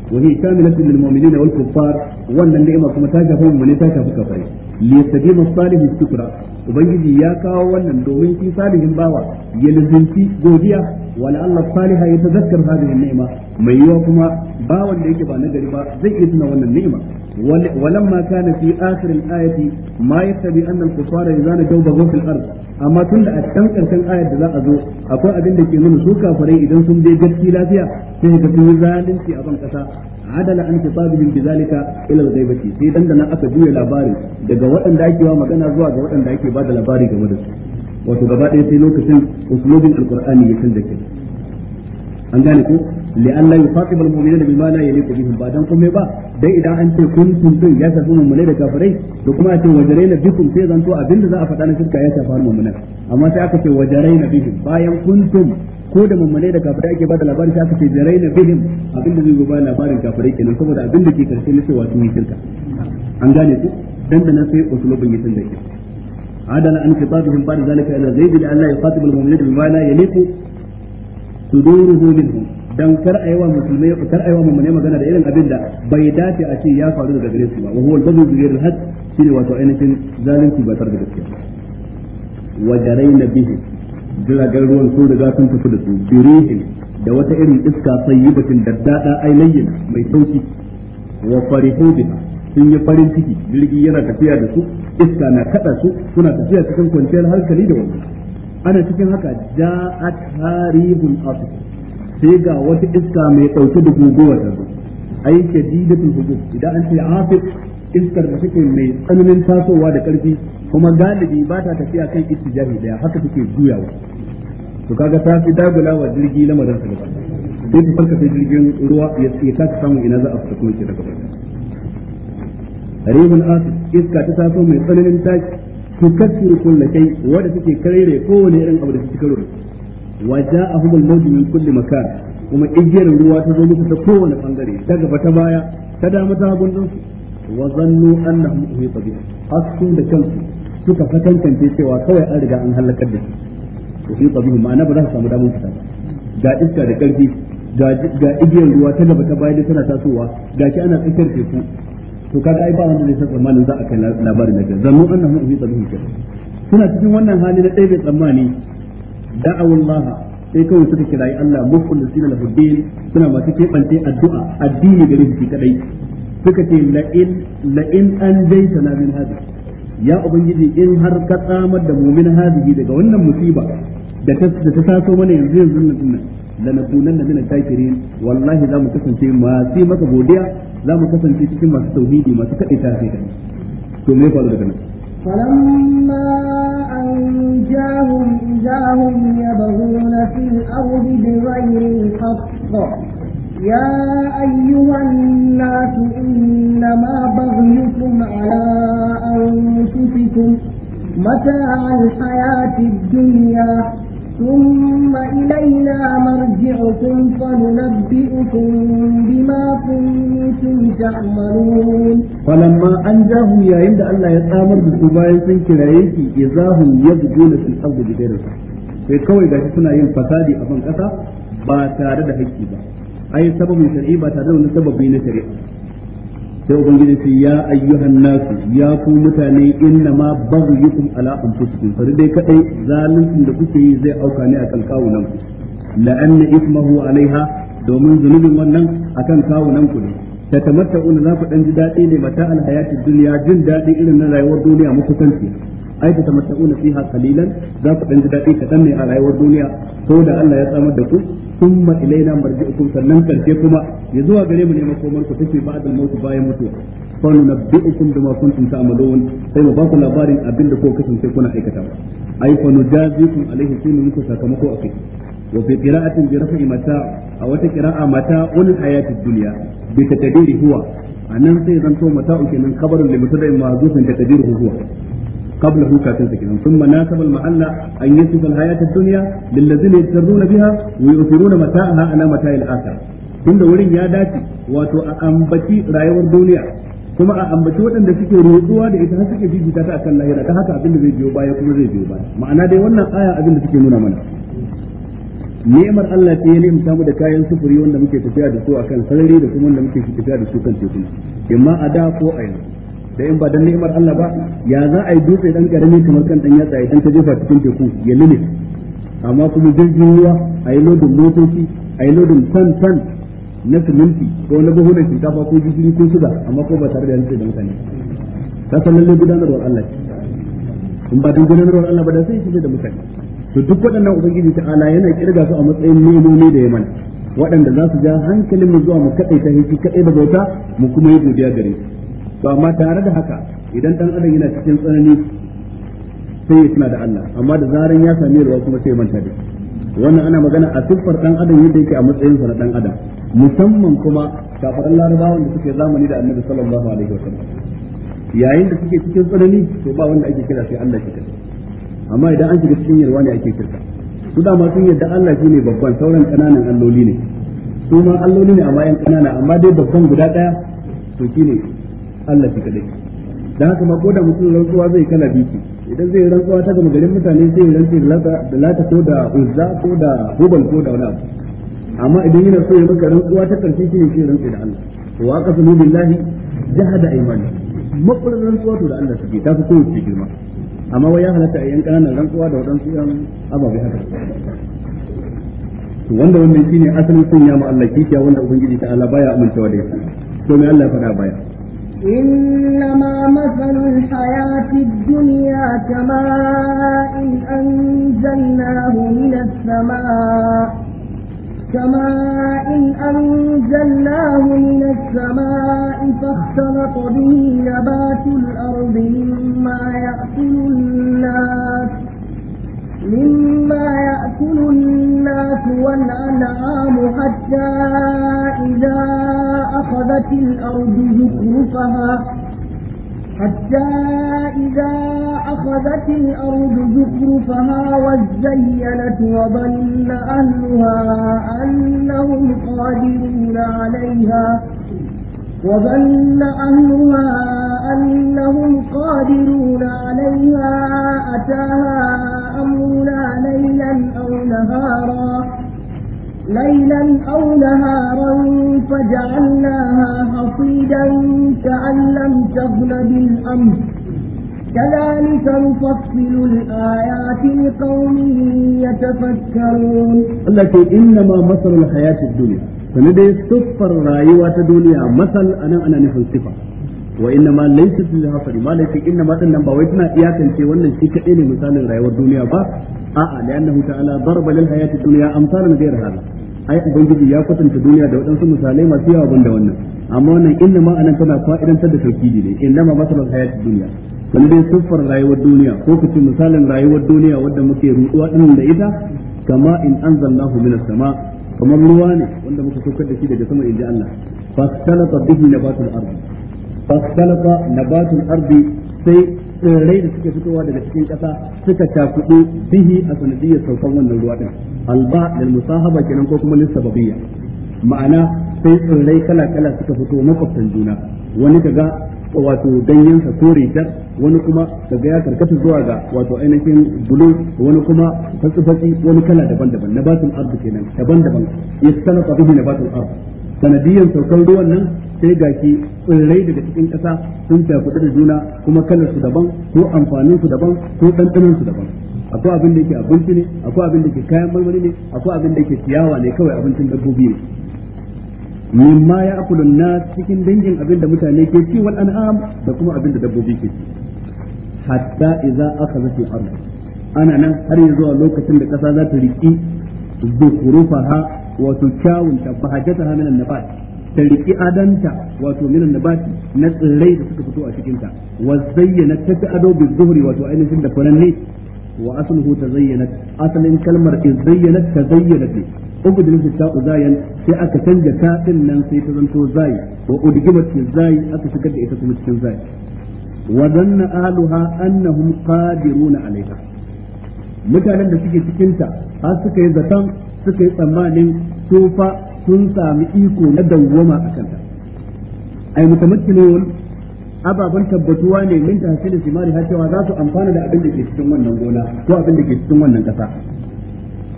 su wa hiya kamilatu lil mu'minina wal kuffar wannan ni'ima kuma ta mu mu'mini ta shafi kafirai li yastadimu salihu shukra ubangiji ya kawo wannan domin shi salihin bawa ya lizinci godiya wala Allah saliha ya tazakkar hadhihi ni'ima mai yiwa kuma bawan da yake ba nagari ba zai iya tuna wannan ni'ima ولما كان asirin اخر الايه ما يقتضي ان الكفار اذا نجوا بغوا في الارض amma tun da a can karshen ayar da za a zo akwai abinda ke nuna su kafarai idan sun je gaski lafiya sai ga sun zalunci a ban kasa adala an kitabihim bizalika ila al-ghaibati sai dan da aka juya labari daga waɗanda ake wa magana zuwa ga waɗanda ake ba da labari game da su wato gaba ɗaya sai lokacin usulubin alqur'ani ya canza ke an gane ko li'alla yuqatibu al-mu'minina bima la yaliqu bihim ba dan kuma ba dai idan an ce kuntum din ya tafi mummune da kafirai to kuma a ce wajaraina bikum sai zanto abinda za a faɗa na shirka ya tafi mummune amma sai aka ce wajaraina bihim bayan kuntum ko da mummune da kafirai ake bada labarin sai aka ce jaraina bihim abinda zai goba labarin kafirai kenan saboda abinda ke karshe na cewa sun shirka an gane ku dandana sai usulubin yi tunda ke عدل عن خطابهم بعد ذلك الى زيد لئلا يخاطب المؤمنين بما لا يليق صدوره منهم dan kar a yi wa musulmai kar a yi wa mummune magana da irin abin da bai dace a ce ya faru daga gare su ba wa huwa al-babu bi ghairi al-haq shine wato ainihin zalunci ba tare da gaskiya wa na bihi jiragen ruwan sun riga sun tafi da su birihin da wata irin iska sayyibatin daddada ai layyana mai sauki wa farihu biha sun yi farin ciki jirgi yana tafiya da su iska na kada su suna tafiya cikin kwanciyar hankali da wannan ana cikin haka ja'at harihun asif sai ga wata iska mai ɗauke da guguwa ta zo dida shadidatul idan an ce afif iskar da take mai tsananin tasowa da ƙarfi kuma galibi ba ta tafiya kan ittijahi daya haka take juyawa to kaga ta fi dagula wa jirgi madan sa gaba sai ta farka sai jirgin ruwa ya ta samu ina za a fita kuma ke daga barka ribul asif iska ta taso mai tsananin taki su kasu kullakai kai wanda take karere kowane irin abu da take karo da wa ja'ahum al-mawj min kulli makan kuma igiyar ruwa ta zo musu ta kowane bangare ta gaba ta baya ta dama ta hagun din wa zannu annahum uhita bihim hasu da kansu suka fatankance cewa kawai an riga an halakar da su uhita ma'ana ba za su samu damar ga iska da ga igiyar ruwa ta gaba ta baya tana tasowa ga ana tsakiyar teku to kaga ai ba wanda zai san tsammanin za a kai labarin da zannu annahum uhita bihim suna cikin wannan hali na ɗaya bai tsammani da'awu Allah sai kawai suka kirayi Allah mukhlisina lahu din suna masu kebance addu'a addini gare shi kadai suka ce la in la in an jaita na min hadi ya ubangiji in har ka tsamar da mu'min hadi daga wannan musiba da ta da ta taso mana yanzu yanzu nan la nakunanna min al-shakirin wallahi za mu kasance masu maka godiya za mu kasance cikin masu tauhidi masu kadai ta kai to me faru daga nan
فلما أنجاهم إذا هم يبغون في الأرض بغير الحق يا أيها الناس إنما بغيكم على أنفسكم متاع الحياة الدنيا ثم إلينا مرجعكم فننبئكم بما كنتم تعملون
فلما أنجاهم يا عند الله يتآمر بالسبايا سنكر يكي إذا هم يبدون في الأرض بغير الحق sai kawai gashi suna yin fasadi a kan ƙasa ba tare da haƙƙi ba ai sababin shari'i ba tare da wani sababi na shari'a sai ubangiji ce ya ayyuhan nasu ya ku mutane inna ma baghyukum ala anfusikum fa dai kadai zaluncin da kuke yi zai auka ne a kalkawunan ku la ismahu alaiha domin zunubin wannan akan kawunan ku ne ta tamatta'una za ku dan ji dadi ne mata al hayatid dunya jin dadi irin na rayuwar duniya muku kanki ai ta tamatta'una fiha qalilan za ku dan ji dadi kadan ne a rayuwar duniya ko da Allah ya tsamar da ku thumma ilaina marji'ukum sannan karshe kuma ya zuwa gare mu ne makomar ku take ba'dal maut bayan mutuwa fa nunabbi'ukum bima kuntum ta'malun sai mu ba ku labarin abin da ko kasance kuna aikatawa ai fa nujazikum alaihi sai muku sakamako akai wa fi qira'atin bi raf'i mata a wata qira'a mata ul hayatid dunya bi takdiri huwa anan sai zanto mata kenan kabarin da mutada in da takdiri huwa قبله كافر سكين ثم ناسب المحل أن ينسب الحياة الدنيا للذين يسرون بها ويؤثرون متاعها على متاع الآخرة tun da wurin ya dace wato a ambaci rayuwar duniya kuma a ambaci waɗanda suke roƙuwa da ita har suke fifita ta akan lahira ta haka abin da zai biyo baya kuma zai biyo baya ma'ana dai wannan aya abin da suke nuna mana ni'imar Allah ce ya limta mu da kayan sufuri wanda muke tafiya da su akan sarari da kuma wanda muke tafiya da su kan teku Ima a da ko a yanzu da in ba dan ni'imar Allah ba ya za a yi dutse dan karami kamar kan dan yatsa idan ta jefa cikin teku ya lule amma kuma jirgin ruwa a yi lodin motoci a yi lodin tan tan na siminti ko na buhu da shinkafa ko jirgin ko suga amma ko ba tare da yanzu da mutane ta san lalle gudanarwar Allah
ce
in ba dan gudanarwar Allah ba da sai shi da mutane to duk waɗannan ubangiji ta ala yana kirga su a matsayin nemomi da yaman waɗanda za su ja hankalin mu zuwa mu kaɗai ta hiki kaɗai da bauta mu kuma yi godiya gare su to amma tare da haka idan dan adam yana cikin tsanani sai ya tuna da Allah amma da zaran ya sami ruwa kuma sai ya manta da wannan ana magana a siffar dan adam yadda yake a matsayin sa na dan adam musamman kuma kafaran larabawan da suke zamani da annabi sallallahu alaihi wasallam yayin da suke cikin tsanani to ba wanda ake kira sai Allah shi amma idan an shiga cikin yarwa ne ake kirka su da masu yadda Allah ne babban sauran kananan alloli ne su ma alloli ne amma yan kanana amma dai babban guda daya to shine Allah shi kadai dan haka ma ko da mutum rantsuwa zai kala biki idan zai rantsuwa ta gama garin mutane zai rantsi da lata ko da uzza ko da hubal ko da wani abu amma idan yana so ya maka rantsuwa ta karshe shi ne shi rantsi da Allah wa aqsamu billahi jahada aymani makurin rantsuwa to da Allah suke ta fi kowace girma amma wai ya halatta a yan ƙananan rantsuwa da waɗansu yan ababe haka to wanda wannan shine asalin sunya ma Allah kishiya wanda ubangiji ta Allah baya amincewa da shi to me Allah ya faɗa baya
إنما مثل الحياة الدنيا كماء أنزلناه من السماء كماء أنزلناه من السماء فاختلط به نبات الأرض مما يأكل الناس مما يأكل الناس والأنعام حتى إذا أخذت الأرض زخرفها حتى إذا أخذت الأرض زخرفها وزينت وظن أهلها أنهم قادرون عليها وظن أهلها أنهم قادرون عليها أتاها ليلا أو نهارا ليلا أو نهارا فجعلناها حصيدا كأن لم تغن بالأمس كذلك نفصل الآيات لقوم
يتفكرون التي إنما مثل الحياة الدنيا فنبي صفر رايوة دنيا مثل أنا أنا نحن صفر wa inna ma laysa lil hasari ma laysa inna ma dinnan ba wai tana iyakance wannan shi kadai ne misalin rayuwar duniya ba a'a li'annahu ta'ala darba lil hayati dunya amsalan ghayr hada ai ubangiji ya kwatanta duniya da waɗansu misalai masu yawa banda wannan amma wannan inna ma anan tana fa'idantar da tauhidi ne inna ma masalan hayati dunya wani dai siffar rayuwar duniya ko kace misalin rayuwar duniya wanda muke ruduwa din da ita kama in anzalnahu minas sama kamar ruwa ne wanda muka saukar da shi daga sama inji Allah fa salata bihi nabatul ardi فاختلط نبات ardi sai tsirrai da suke fitowa daga cikin ƙasa suka cakuɗu bihi a sanadiyyar saukan wannan ruwa din alba da musahaba kenan ko kuma lissababiyya ma'ana sai tsirrai kala-kala suka fito makwabtan juna wani kaga wato ganyensa kore ta wani kuma kaga ya karkata zuwa ga wato ainihin bulu wani kuma fatsi wani kala daban-daban na batun ardu kenan daban-daban ya sanata bihi na ardi. sanadiyan saukar ruwan nan sai ga ki tsirrai daga cikin ƙasa sun tafi da juna kuma kalar su daban ko amfanin su daban ko ɗanɗanon su daban akwai abin da yake abinci ne akwai abin da yake kayan marmari ne akwai abin da yake ciyawa ne kawai abincin dabbobi ne mimma ya akulun na cikin dangin abin da mutane ke ci wal an'am da kuma abin da dabbobi ke ci hatta idza akhadhat al ardh ana nan har yanzu a lokacin da ƙasa za ta riki zukurufaha wato kyawun ta bahajjata min an-nabat ta riki adanta wato minan an-nabat na tsirrai da suka fito a cikin ta wa zayyana ta ta ado bi zuhri wato ainihin da furanni wa asluhu zayyana asalin kalmar izayyanat tazayyanat ubudin su ta uzayan sai aka canja ta din nan sai ta zanto zai wa udgimat zai aka shigar da ita kuma cikin zai wa danna ahluha annahum qadiruna alaiha mutanen da suke cikin ta har suka yi zaton suka yi tsammanin su fa sun sami iko na dawwama a kanta ai mutamakkilun ababan tabbatuwa ne min tahsil simari har cewa za su amfana da abin da ke cikin wannan gona ko abin da ke cikin wannan kasa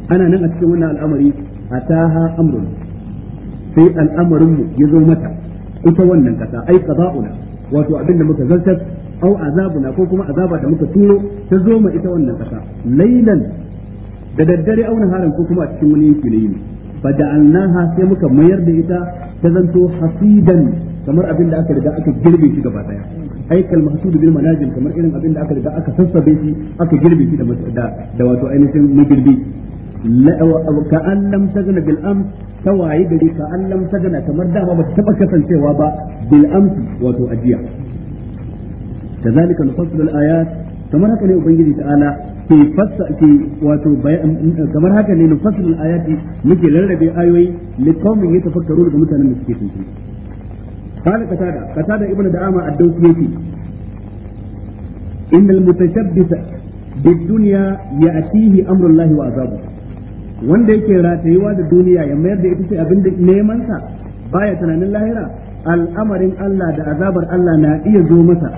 ana nan a cikin wannan al'amari a taha amrun sai al'amarin mu ya zo mata ita wannan kasa ai qada'una wato abin da muka zartar au azabuna ko kuma azaba da muka turo ta zo ma ita wannan kasa lailan da daddare auna haran ko kuma a cikin wani yanki na yi fa sai muka mayar da ita ta zanto hasidan kamar abin da aka riga aka girbe shi gaba daya aikal mahsud bil manajim kamar irin abin da aka riga aka sassabe shi aka girbe shi da da wato ainihin magirbi ka an lam bil am gari ka an lam kamar ba ta taba kasancewa ba bil am wato ajiya kazalika nufassilu ayat kamar haka ne ubangiji ta'ala ke fassa ke wato kamar haka ne nufassil ayati muke rarrabe ayoyi li qaumin yatafakkaruna ga mutanen da suke tuntu قال قتادة قتادة ابن دعامة الدوسيتي إن المتشبث بالدنيا يأتيه أمر الله azabu. wanda yake ratayuwa da duniya ya mayar da ita ce abin da neman sa baya tunanin lahira al'amarin Allah da azabar Allah na iya zo masa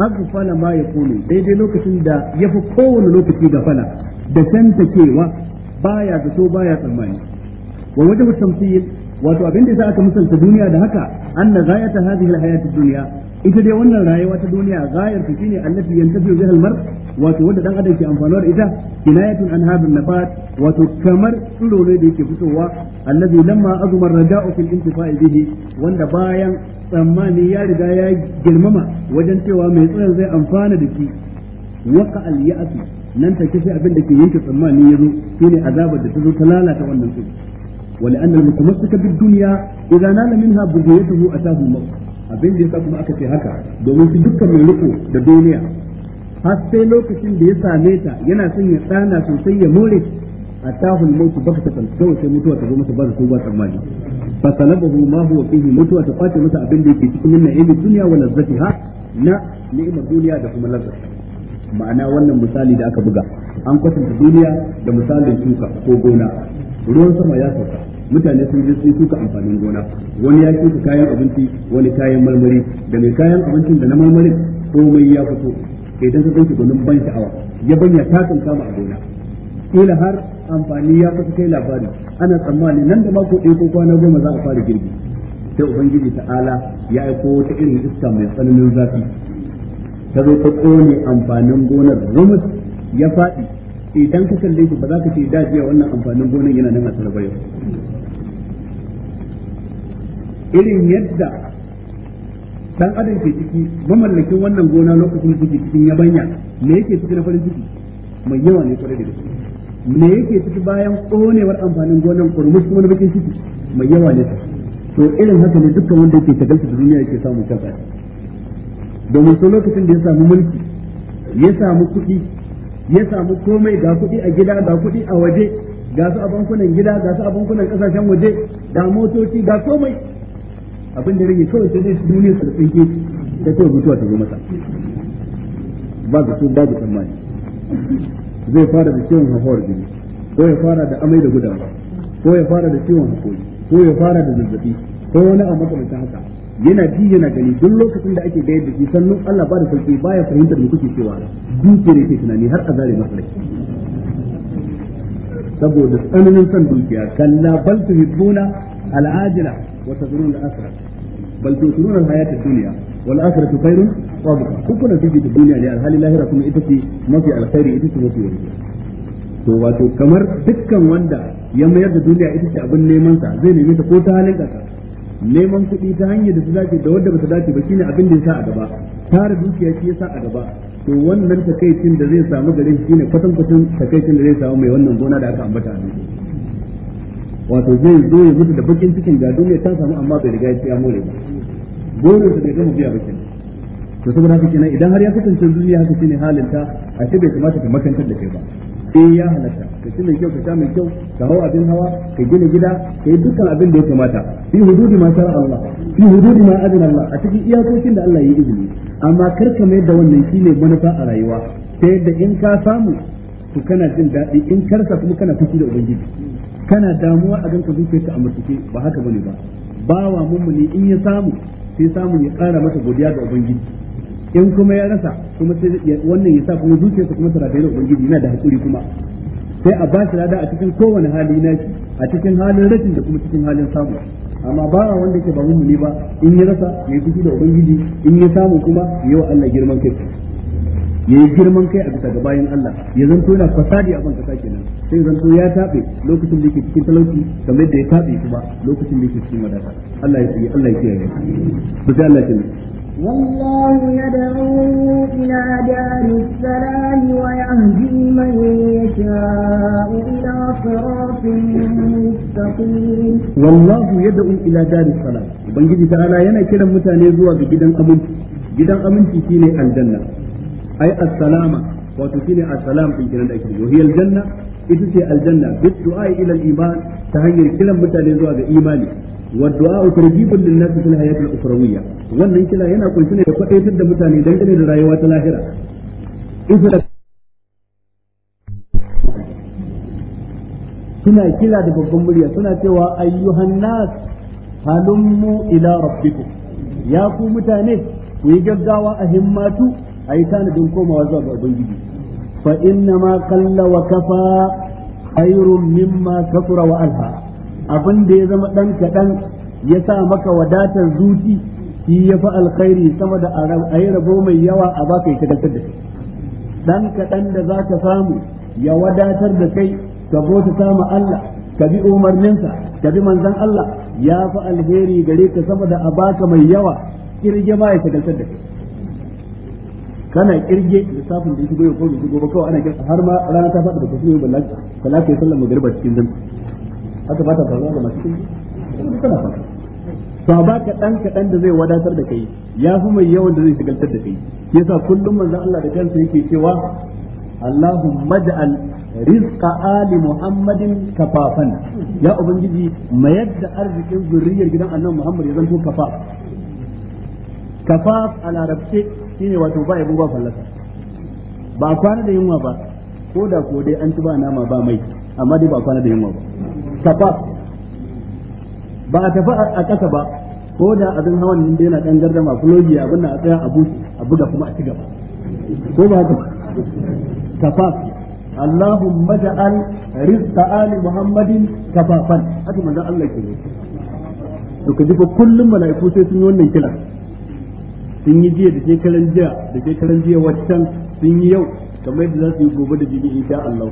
ba ma kone daidai lokacin da ya fi kowane lokaci fala da santa cewa baya zato baya tsammani wa wajhu tamthil wato abin da yasa aka musanta duniya da haka anna ghayata hadhihi alhayati dunya ita dai wannan rayuwa ta duniya ghayar ta shine allati yantafi biha almar wato wanda dan adam ke amfani da ita kinayatun an hadin nabat wato kamar tsiro ne da yake fitowa allazi lamma azuma raja'u fil intifa'i bihi wanda bayan tsammani ya riga ya girmama wajen cewa mai tsiron zai amfana da shi waka al ya'ti nan take sai abin da ke yanke tsammani yazo shine azabar da ta zo ta lalata wannan tsiro ولأن المتمسك بالدنيا إذا نال منها بغيته أتاه الموت abin da yasa kuma aka ce haka domin su dukkan mai riko da duniya har sai lokacin da ya same ta yana son ya tsana sosai ya more A mutu baka ta kanta kawai sai mutuwa ta zo masa ba da ba tsammani fa talabahu ma huwa fihi mutuwa ta kwace masa abin da yake cikin na'imin duniya wa lazzatiha na ni'imar duniya da kuma lazzar ma'ana wannan misali da aka buga an kwatanta duniya da misalin shuka ko gona ruwan sama ya sauka mutane sun je sun shuka amfanin gona wani ya shuka kayan abinci wani kayan marmari da mai kayan abincin da na marmarin komai ya fito idan ka ganki gwanin ban sha'awa ya banya takan kama a gona kila har amfani ya fasa kai labari ana tsammani nan da mako ɗaya ko kwana goma za a fara girbi sai ubangiji ta'ala ya aiko wata irin iska mai tsananin zafi ta zo ta kone amfanin gonar rumus ya faɗi idan ka kalle ba za ka ce da jiya wannan amfanin gonar yana nan a sarbayo irin yadda dan adam ke ciki ba wannan gona lokacin da suke cikin yabanya me yake ciki na farin ciki mai yawa ne kwarai da gaske me yake ciki bayan konewar amfanin gonan kurmus kuma na bakin ciki mai yawa ne to irin haka ne dukkan wanda yake ta da duniya yake samun kansa domin sun lokacin da ya samu mulki ya samu kuɗi ya samu komai ga kuɗi a gida ga kuɗi a waje ga su a bankunan gida ga su a bankunan kasashen waje ga motoci ga komai abin da rage kawai sai su duniya su da ke ta kawai mutuwa ta zo masa ba ga su babu tsammani zai fara da ciwon hafawar jini ko ya fara da amai da gudawa ko ya fara da ciwon hakori ko ya fara da zazzabi ko wani abu makamancin haka yana ji yana gani duk lokacin da ake gayar da shi sannan Allah ba da sauki baya fahimtar da kuke cewa dukiyar yake ke tunani har a zare masa saboda tsananin son dukiya kalla bal tuhibbuna al'ajila وتذرون الآخرة بل تؤثرون الحياة الدنيا والآخرة خير رابطة كنا في الدنيا لأن هل الله ركم إتتي ما في الخير إتتي وفي ورد to wato kamar dukkan wanda ya mayar da duniya ita ce abin neman sa zai nemi ta ko ta halin kasa neman kuɗi ta hanyar da ta dace da wanda ba ta dace ba shine abin da ya sa a gaba tara dukiya shi ya sa a gaba to wannan takaicin da zai samu garin shine kwatan kwatan takaicin da zai samu mai wannan gona da aka ambata a duniya wato zai zo ya mutu da bakin cikin ga duniya ta samu amma bai riga ya more ba burin su bai gama biya bakin to saboda haka kenan idan har ya kasance duniya haka shine halin ta a ce bai kamata ka makantar da kai ba eh ya halatta ka ci mai kyau ka sha mai kyau ka hau abin hawa ka gina gida ka yi dukkan abin da ya kamata fi hududi ma shara Allah fi hududi ma adana Allah a cikin iyakokin da Allah ya yi izini amma kar ka mai da wannan shine manufa a rayuwa ta yadda in ka samu to kana jin daɗi in karsa kuma kana fushi da ubangiji kana damuwa a ganka ka a murtuke ba haka bane ba bawa mummuni in ya samu sai samu ya kara masa godiya ga ubangiji in kuma ya rasa kuma sai wannan ya sa kuma zuciyarsa kuma tana da ubangiji yana da hakuri kuma sai a ba shi lada a cikin kowane hali na shi a cikin halin rashin da kuma cikin halin samu amma bawa wanda ke ba mummuni ba in ya rasa mai fushi da ubangiji in ya samu kuma yau Allah girman kai ya yi girman kai a bisa ga bayan Allah ya zanto yana fasadi a banka sake nan sai zanto ya tabe lokacin da yake cikin talauci kamar da ya tabe kuma lokacin da yake cikin wadata Allah ya yi Allah ya kiyaye to sai Allah ya kiyaye
والله يدعو إلى دار السلام ويهدي من يشاء إلى صراط مستقيم والله
يدعو إلى دار السلام ubangiji ta'ala yana kiran mutane zuwa ga gidan aminci gidan aminci shine aljanna ai as-salama wato shine as-salam din kiran da ake yi hiyal janna ita ce aljanna bid du'a ila al-iman ta hanyar kiran mutane zuwa ga imani wa du'a tarjibun lin nas fil hayat al-ukhrawiyya wannan kila yana kunshi ne da kwadaitar da mutane dangane da rayuwa ta lahira suna kila da babban murya suna cewa ayyuhan nas halummu ila rabbikum ya ku mutane ku yi gaggawa a himmatu ayi tanadin komawa zuwa ga ubangiji fa inna ma qalla wa kafa khairum mimma kasura wa alha abin da ya zama dan kadan ya sa maka wadatar zuci shi ya fa alkhairi sama da a yi rabo mai yawa a baka ita dantar da dan kaɗan da za ka samu ya wadatar da kai ka ta samu Allah ka bi umarninsa ka bi manzon Allah ya fa alheri gare ka sama da a baka mai yawa kirge ma ya da kai kana kirge lissafin da shigo ya ko shigo ba kawai ana kirga har ma rana ta faɗi da kashi ba lafiya ba lafiya sallar magariba cikin zan haka ba ta faruwa ga masu kirge kana faɗa to ba ka dan kadan da zai wadatar da kai ya fi mai yawan da zai shigaltar da kai yasa kullum manzon Allah da kansa yake cewa Allahumma ja'al rizqa ali muhammadin kafafan ya ubangiji mayar da arzikin zuriyar gidan annabi muhammad ya zanto kafa kafaf a larabce shine wato ba yabo ba fallasa ba kwana da yunwa ba ko da ko dai an ci ba nama ba mai amma dai ba kwana da yunwa ba kafaf ba a tafi a ƙasa ba ko da abin hawan nan da yana dan gardama kulogi abin nan a tsaya a bushe a buga kuma a ci gaba ko ba haka kafaf Allahumma ja'al rizqa ali Muhammadin kafafan haka manzon Allah ke yi to kaji ko kullum mala'iku sai sun yi wannan kilan sun yi jiya da shekaran jiya da shekaran jiya waccan sun yi yau kamar yadda za su yi gobe da jibi insha Allah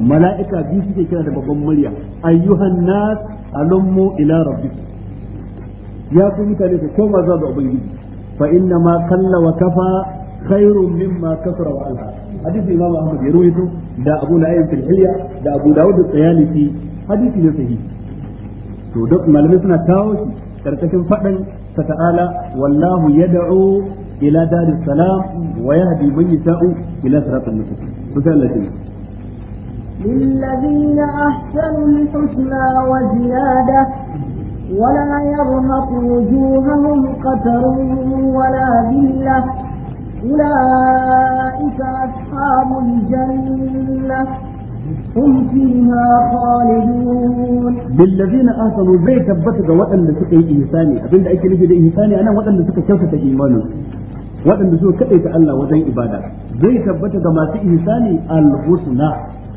mala'ika biyu suke kira da babban murya ayyuhan nas alummu ila rabbikum ya ku mutane ku koma zuwa ga ubangiji fa inna ma kalla wa kafa khairun mimma kasara wa alha hadisi imam ahmad ya rawaito da abu na'im fil hilya da abu dawud al-tayalisi hadisi ne sahihi to duk malamai suna kawo shi karkashin faɗin sa ta'ala wallahu yad'u ila daris salam wa yahdi man yasha'u ila siratal mustaqim to sai Allah ya
للذين أحسنوا الحسنى وزيادة ولا يرهق وجوههم قتر ولا ذلة أولئك أصحاب الجنة هم فيها
خالدون بالذين آسنوا زي تبت وطن لسك إنساني أبين دا أكي نفي إنساني أنا وطن لسك كوتة إيمانه وطن لسك كأيت الله وزي إبادة زي تبت دوات إنساني الحسنى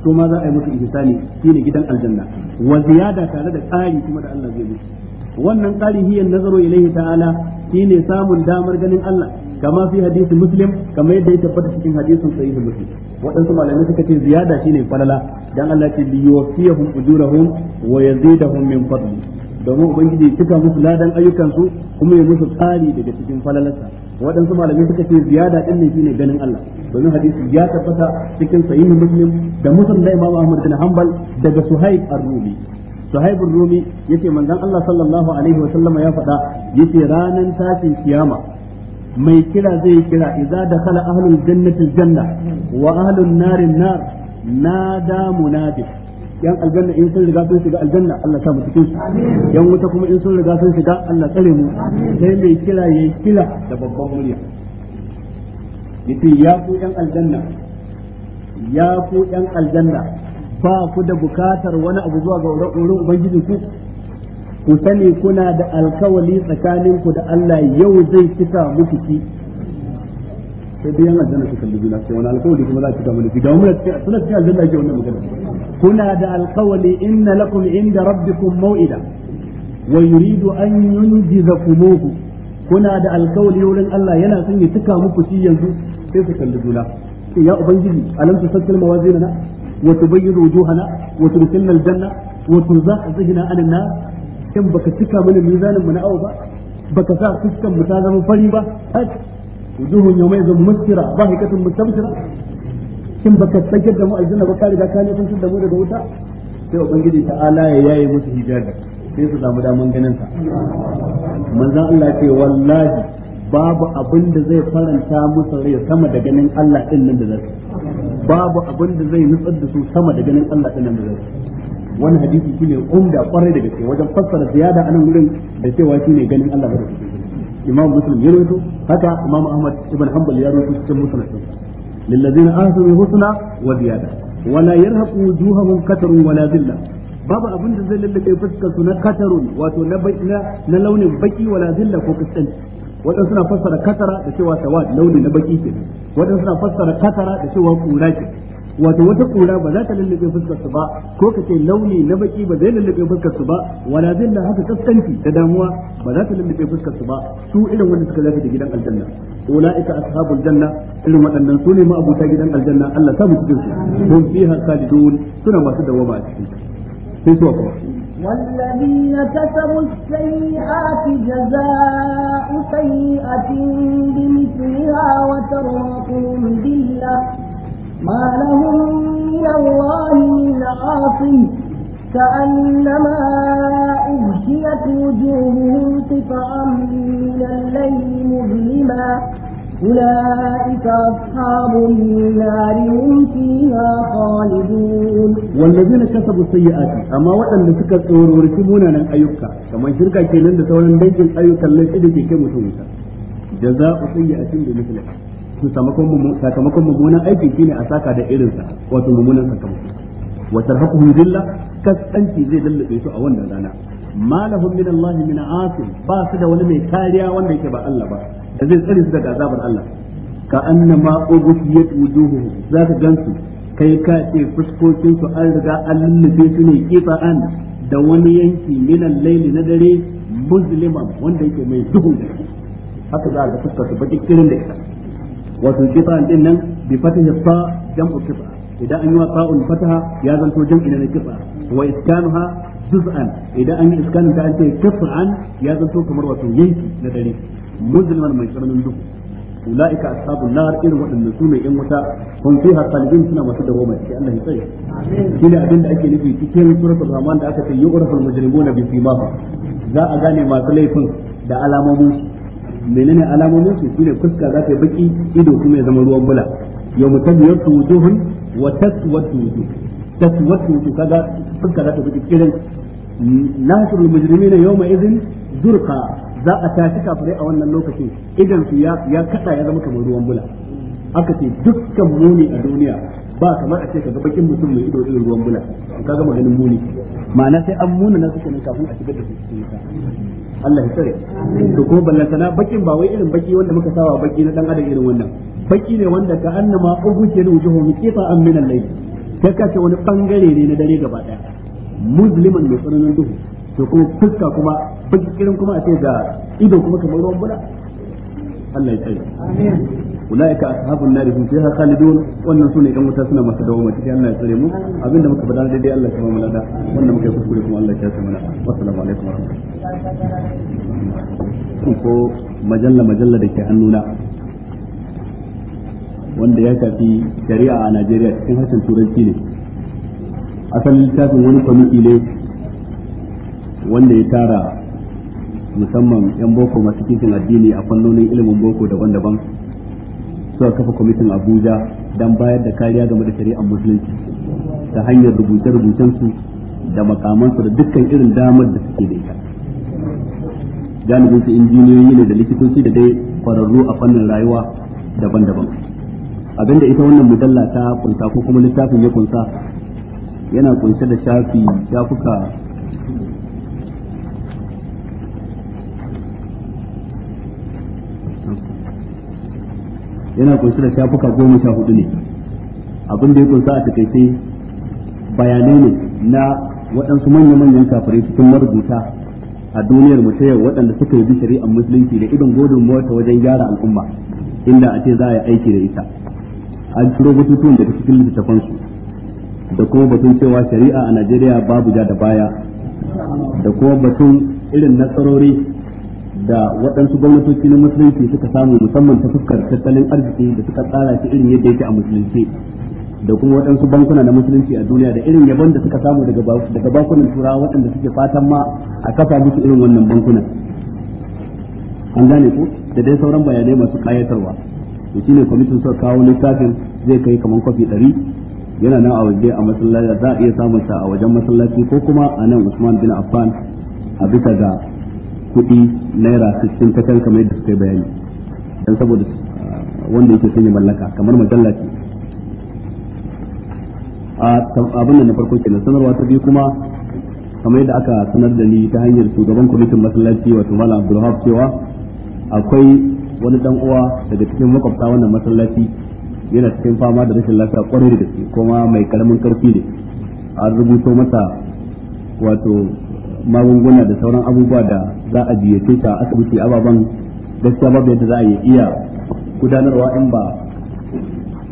ثم ذا أي مسي إنساني فينا جدا الجنة وزيادة كانت آلي ثم دا الله زي مسي wannan qari hiya nazaru ilayhi ta'ala shine samun damar ganin Allah kama fi hadisi muslim kama yadda ya tabbata cikin hadisin sahihi muslim waɗansu malamai suka ce ziyada shine falala dan Allah ce bi yuwaffiyahum ujurahum wa yazidahum min fadli domin ubangiji cika musu ladan ayyukansu kuma ya musu tsari daga cikin falalarsa waɗansu malamai suka ce ziyada din ne shine ganin Allah domin hadisi ya tabbata cikin sahihi muslim da Musulmai da Imam Ahmad bin Hanbal daga Suhaib Ar-Rumi sahaib rumi yace manzon Allah sallallahu alaihi wa sallama ya faɗa yace ranar tashin kiyama mai kira zai kira idza dakhala ahlul jannati janna wa ahlun nari nar nada munadi yan aljanna in sun riga sun shiga aljanna Allah ta mutu su yan wuta kuma in sun riga sun shiga Allah tsare mu sai mai kira yayi kira da babban murya yace ya ku yan aljanna ya ku yan aljanna ba ku da bukatar wani abu zuwa ga wurin ubangiji ku ku sani kuna da alkawali tsakanin ku da Allah yau zai cika muku ki sai biyan aljanna su kalli juna sai wani alkawali kuma za a cika mana ki da mun suna cikin aljanna yake wannan magana kuna da alkawali inna lakum inda rabbikum maw'ida wa yuridu an yunjizakumuhu kuna da alkawali wurin Allah yana son ya cika muku shi yanzu sai su kalli juna ya ubangiji alam tusakkil mawazinana وتبين وجوهنا وترسلنا الجنة وتزحزحنا عن النار إن بك تكا من الميزان من أوبا بك سا تسكا متازم فريبا هات وجوه يومئذ مسكرة ضاحكة مستبشرة إن بك تسجد دماء الجنة وكاري ذا كان يكون شد مولد وتا sai ubangiji ta'ala ya yaye musu hijabi sai su samu daman ganin sa manzon Allah ce wallahi babu abin da zai faranta musu rai sama da ganin Allah din nan da zai babu abin da zai nutsar da su sama da ganin Allah ɗin da zai wannan hadisi shine umda kwarai da gaske wajen fassara ziyada nan wurin da cewa shine ganin Allah da Imam Muslim ya rawaito haka Imam Ahmad ibn Hanbal ya rawaito cikin Musnad lillazina ahsanu husna wa ziyada wala yarhaqu wujuhahum katarun wala dhilla babu abin da zai lallabe fuskar su na katarun wato na na launin baki wala dhilla ko kasance waɗansu na fassara katara da cewa sawad launi na baki ke waɗansu na fassara katara da cewa kura ke wato wata kura ba za ta lallabe fuskar su ba ko kace launi na baki ba zai lallabe fuskar su ba wala zilla haka kaskanci da damuwa ba za ta lallabe fuskar su ba su irin wanda suka zafi da gidan aljanna ulaika ashabul janna irin waɗannan su ne ma abuta gidan aljanna Allah ta mu su hum fiha khalidun suna masu dawama a cikin sai su
والذين كسبوا السيئات جزاء سيئة بمثلها وترهقهم ذلة ما لهم من الله من عاصم كأنما أغشيت وجوههم قطعا من الليل مظلما أولئك أصحاب النار هم فيها خالدون
والذين كسبوا السيئات أما وأن لسكة تور ورسمونا أيوكا كما شركة كنن لتولن بيت أيوكا الذي إذن في كم وشوشا جزاء سيئة بمثلها sakamakon mummunan aikin shine a saka da irinsa wato mummunan sakamako wa tarhaquhum dilla kasanci zai dallabe su a wannan rana malahum min Allah min asim ba su da wani mai kariya wanda yake ba Allah ba da zai tsare su daga azabar Allah ka annama ubutiyat wujuhu zaka gansu kai ka ce fuskokin su an riga an lullufe su ne kifa'an da wani yanki minan laili na dare musliman wanda yake mai duhu da haka za a ga fuskar su baki kirin da ita wato kifa'an din nan bi fatahi sa jam'u kifa idan an yi wa sa'un fataha ya zanto jam'i na kifa wa iskanuha juz'an idan an yi iskanin ta an ce kifa'an ya zanto kamar wato yanki na dare muzliman mai tsananin duhu ulaika ashabun nar irin waɗanda su ne yan wuta kun fi hakalin suna masu dawo mai sai Allah ya tsare shine abin da ake nufi cikin suratul rahman da aka ce yu'raful mujrimuna bi simahum za a gane masu laifin da alamomin menene alamomin su shine fuska za ta baki ido kuma ya zama ruwan bula yawma tabyatu wujuhun wa taswatu wujuh taswatu kaga za za a tashi kafirai a wannan lokacin idan su ya ya kada ya zama kamar ruwan bula aka ce dukkan muni a duniya ba kamar a ce ka bakin mutum mai ido irin ruwan bula ka ga maganin muni ma'ana sai an muna na suke kafin a shigar da su cikin Allah ya tsare to ko sana bakin ba wai irin baki wanda muka sawa baki na dan adam irin wannan baki ne wanda ka annama ubuke ne wujuhu mikifa an min al-layl sai ka ce wani bangare ne na dare gaba daya musliman mai tsananin duhu to kuma fuska kuma fuskirin kuma a ce ga ido kuma kamar ruwan bula Allah ya tsare ulaika ashabun nari hum fiha khalidun wannan sune dan wuta suna masa dawo mace Allah ya tsare mu abinda muka faɗa daidai Allah ya mu lada wannan muka kuskure kuma Allah ya tsare mana assalamu alaikum wa ko majalla majalla da ke hannuna wanda ya tafi shari'a a Najeriya cikin harshen turanci ne asalin tafin wani kwamiti ne wanda ya tara musamman yan boko masu kishin addini a fannonin ilimin boko daban-daban suka kafa kwamitin abuja don bayar da kariya game da shari'ar musulunci ta hanyar rubuce-rubucensu da makamansu da dukkan irin damar da suke da ita galibin injiniyoyi ne da likitoci da dai kwararru a fannin rayuwa daban-daban abinda ita wannan mujalla ta kunsa ko kuma littafin ya kunsa yana kunshe da shafi shafuka yana kunshi da shafuka goma sha hudu ne abin da ya kunsa a takaice bayanai ne na waɗansu manya-manyan kafirai cikin marubuta a duniyar mu yau waɗanda suka yi shari'ar musulunci da idan godin mota wajen gyara al'umma inda a ce za a yi aiki da ita an ciro batutuwan daga cikin littattafansu da kuma batun cewa shari'a a najeriya babu ja da baya da kuma batun irin nasarori da waɗansu gwamnatoci na musulunci suka samu musamman ta fuskar tattalin arziki da suka tsara shi irin yadda yake a musulunci da kuma waɗansu bankuna na musulunci a duniya da irin yabon da suka samu daga bankunan turawa waɗanda suke fatan ma a kafa musu irin wannan bankunan an gane ko da dai sauran bayanai masu kayatarwa shi ne kwamitin suka kawo littafin zai kai kamar kwafi ɗari yana nan a waje a masallaci za a iya samun sa a wajen masallaci ko kuma a nan Usman bin Affan a bisa ga kuɗi naira sittin kacal kamar yadda suka yi bayani dan saboda ah, wanda yake sanya mallaka kamar majalla ce a ah, abin da na farko kenan sanarwa ta biyu kuma kamar yadda aka sanar da ni ta hanyar shugaban kwamitin masallaci wato malam abdulhab cewa akwai wani dan uwa daga cikin makwabta wannan masallaci yana cikin fama da rashin lafiya kwarai da gaske kuma mai karamin karfi ne an rubuto masa wato magunguna da sauran abubuwa da za a su ta asibiti ababen gaskiya babu yadda za a iya gudanarwa in ba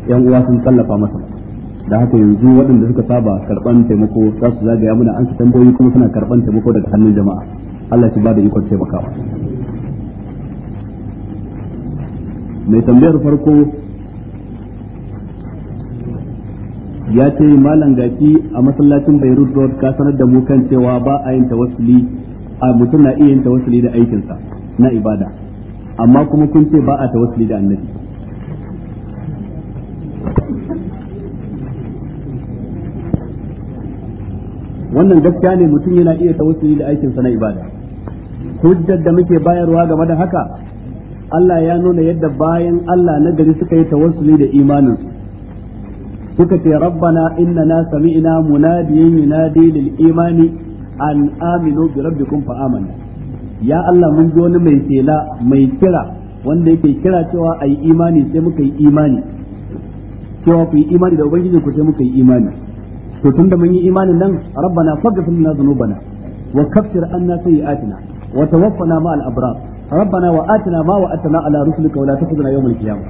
yan uwa sun tsallafa masa da haka yanzu waɗanda suka saba karɓan taimako za su zagaya muna an su tambayoyi kuma suna karɓan taimako daga hannun jama'a Allah shi ba da ikon taimakawa mai tambayar farko ya ce malam gashi a masallacin Beirut Road ka sanar da mu kan cewa ba a yin tawassuli a mutum na iya yin tawassuli da aikinsa na ibada amma kuma kun ce ba a tawassuli da annabi wannan gaskiya ne mutum yana iya tawassuli da aikinsa na ibada hujjar da muke bayarwa game da haka Allah ya nuna yadda bayan Allah na gari suka yi tawassuli da imaninsu suka ce rabbana na, sami'na munadiyan yunadi lil imani an aminu bi rabbikum fa amanna ya Allah mun ji wani mai tela mai kira wanda yake kira cewa ai imani sai muka yi imani cewa ku yi imani da ubangiji ku sai muka yi imani to tun da mun yi imanin nan rabbana faghfir lana dhunubana wa kaffir anna sayi'atina wa tawaffana ma'al abrar ربنا وآتنا ما وعدتنا على رسلك ولا تخزنا يوم القيامة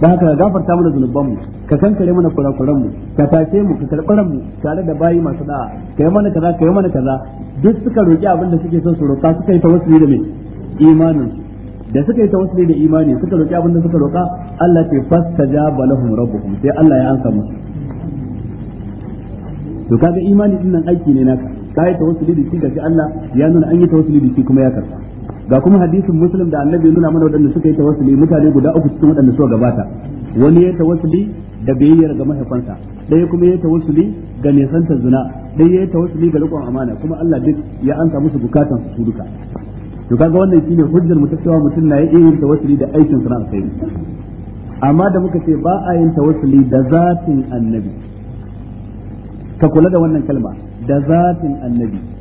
da haka gafarta mana zunubanmu ka kankare mana kurakuran mu ka tace mu ka karbar mu tare da bayi masu da'a ka yi mana kaza ka yi mana kaza duk suka roki abin da suke son su roka suka yi tawassuli da mai imanin da suka yi tawassuli da imani suka roki abin da suka roka Allah ce fastajaba lahum rabbuhum sai Allah ya ansa musu to kaga imani din nan aiki ne naka kai tawassuli da shi ga Allah ya nuna an yi tawassuli da shi kuma ya karba ga kuma hadisin muslim da annabi nuna mana waɗanda suka yi tawassuli mutane guda uku cikin waɗanda suka gabata wani ya tawassuli da biyayyar ga mahaifansa ɗaya kuma ya tawassuli ga nesanta zina ɗaya ya tawassuli ga riƙon amana kuma Allah duk ya ansa musu bukatan su duka to kaga wannan shine hujjar mu ta cewa mutum na yin tawassuli da aikin sana alkhairi amma da muka ce ba a yin tawassuli da zatin annabi ka kula da wannan kalma da zatin annabi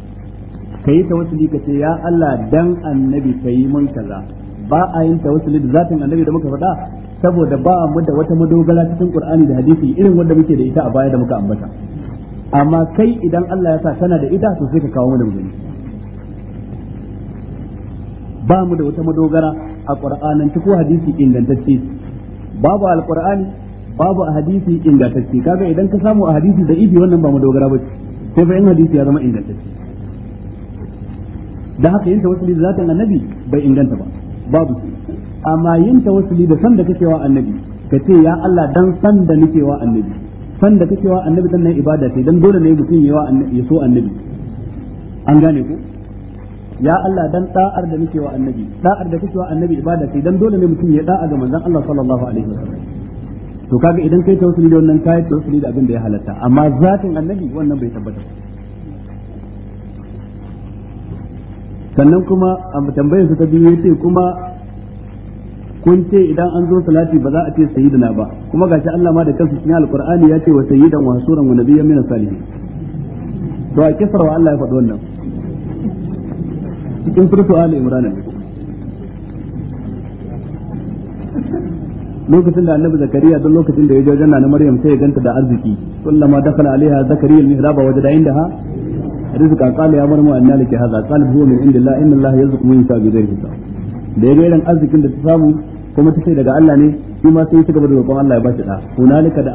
Ka yi tawassuli ka ce ya Allah dan annabi ka yi mun kaza ba a yin tawassuli da zatin annabi da muka faɗa saboda ba mu da wata madogara cikin Qur'ani da hadisi irin wanda muke da ita a baya da muka ambata amma kai idan Allah ya sa kana da ita to sai ka kawo mu da magani ba mu da wata madogara a Qur'anan ko hadisi ingantacce babu alqur'ani babu a hadisi ingantacce kaga idan ka samu a hadisi da ibi wannan ba madogara ba sai fa in hadisi ya zama ingantacce da haka yin tawassuli da zatin annabi bai inganta ba babu amma yin tawassuli da san da kake wa annabi ka ce ya Allah dan san da nake wa annabi san da kake wa annabi dan nayi ibada sai dan dole ne mutum ya wa ya so annabi an gane ko ya Allah dan da'ar da nake wa annabi da'ar da kake wa annabi ibada sai dan dole ne mutum ya da'a ga manzon Allah sallallahu alaihi wasallam to kaga idan kai tawassuli da wannan kai tawassuli da abin da ya halatta amma zatin annabi wannan bai tabbata sannan kuma a tambayarsa ta biyu yace kuma kun ce idan an zo salati ba za a ce sayyidina ba kuma gashi Allah ma da kansa cikin alqur'ani ya ce wa sayyidan wa hasuran wa nabiyyan min salihin to a wa Allah ya faɗi wannan cikin surtu ali imran lokacin da annabi zakariya don lokacin da ya je janna na maryam sai ya ganta da arziki kullama dakhala alaiha zakariya al-mihraba wajada indaha rizqa qala ya marmu anna laki hadha qala huwa min indillah inna Allah yarzuqu man yasha bi ghairi hisab da yaga irin arzikin da ta samu kuma ta ce daga Allah ne shi ma sai ya gaba da roƙon Allah ya bashi da hunalika da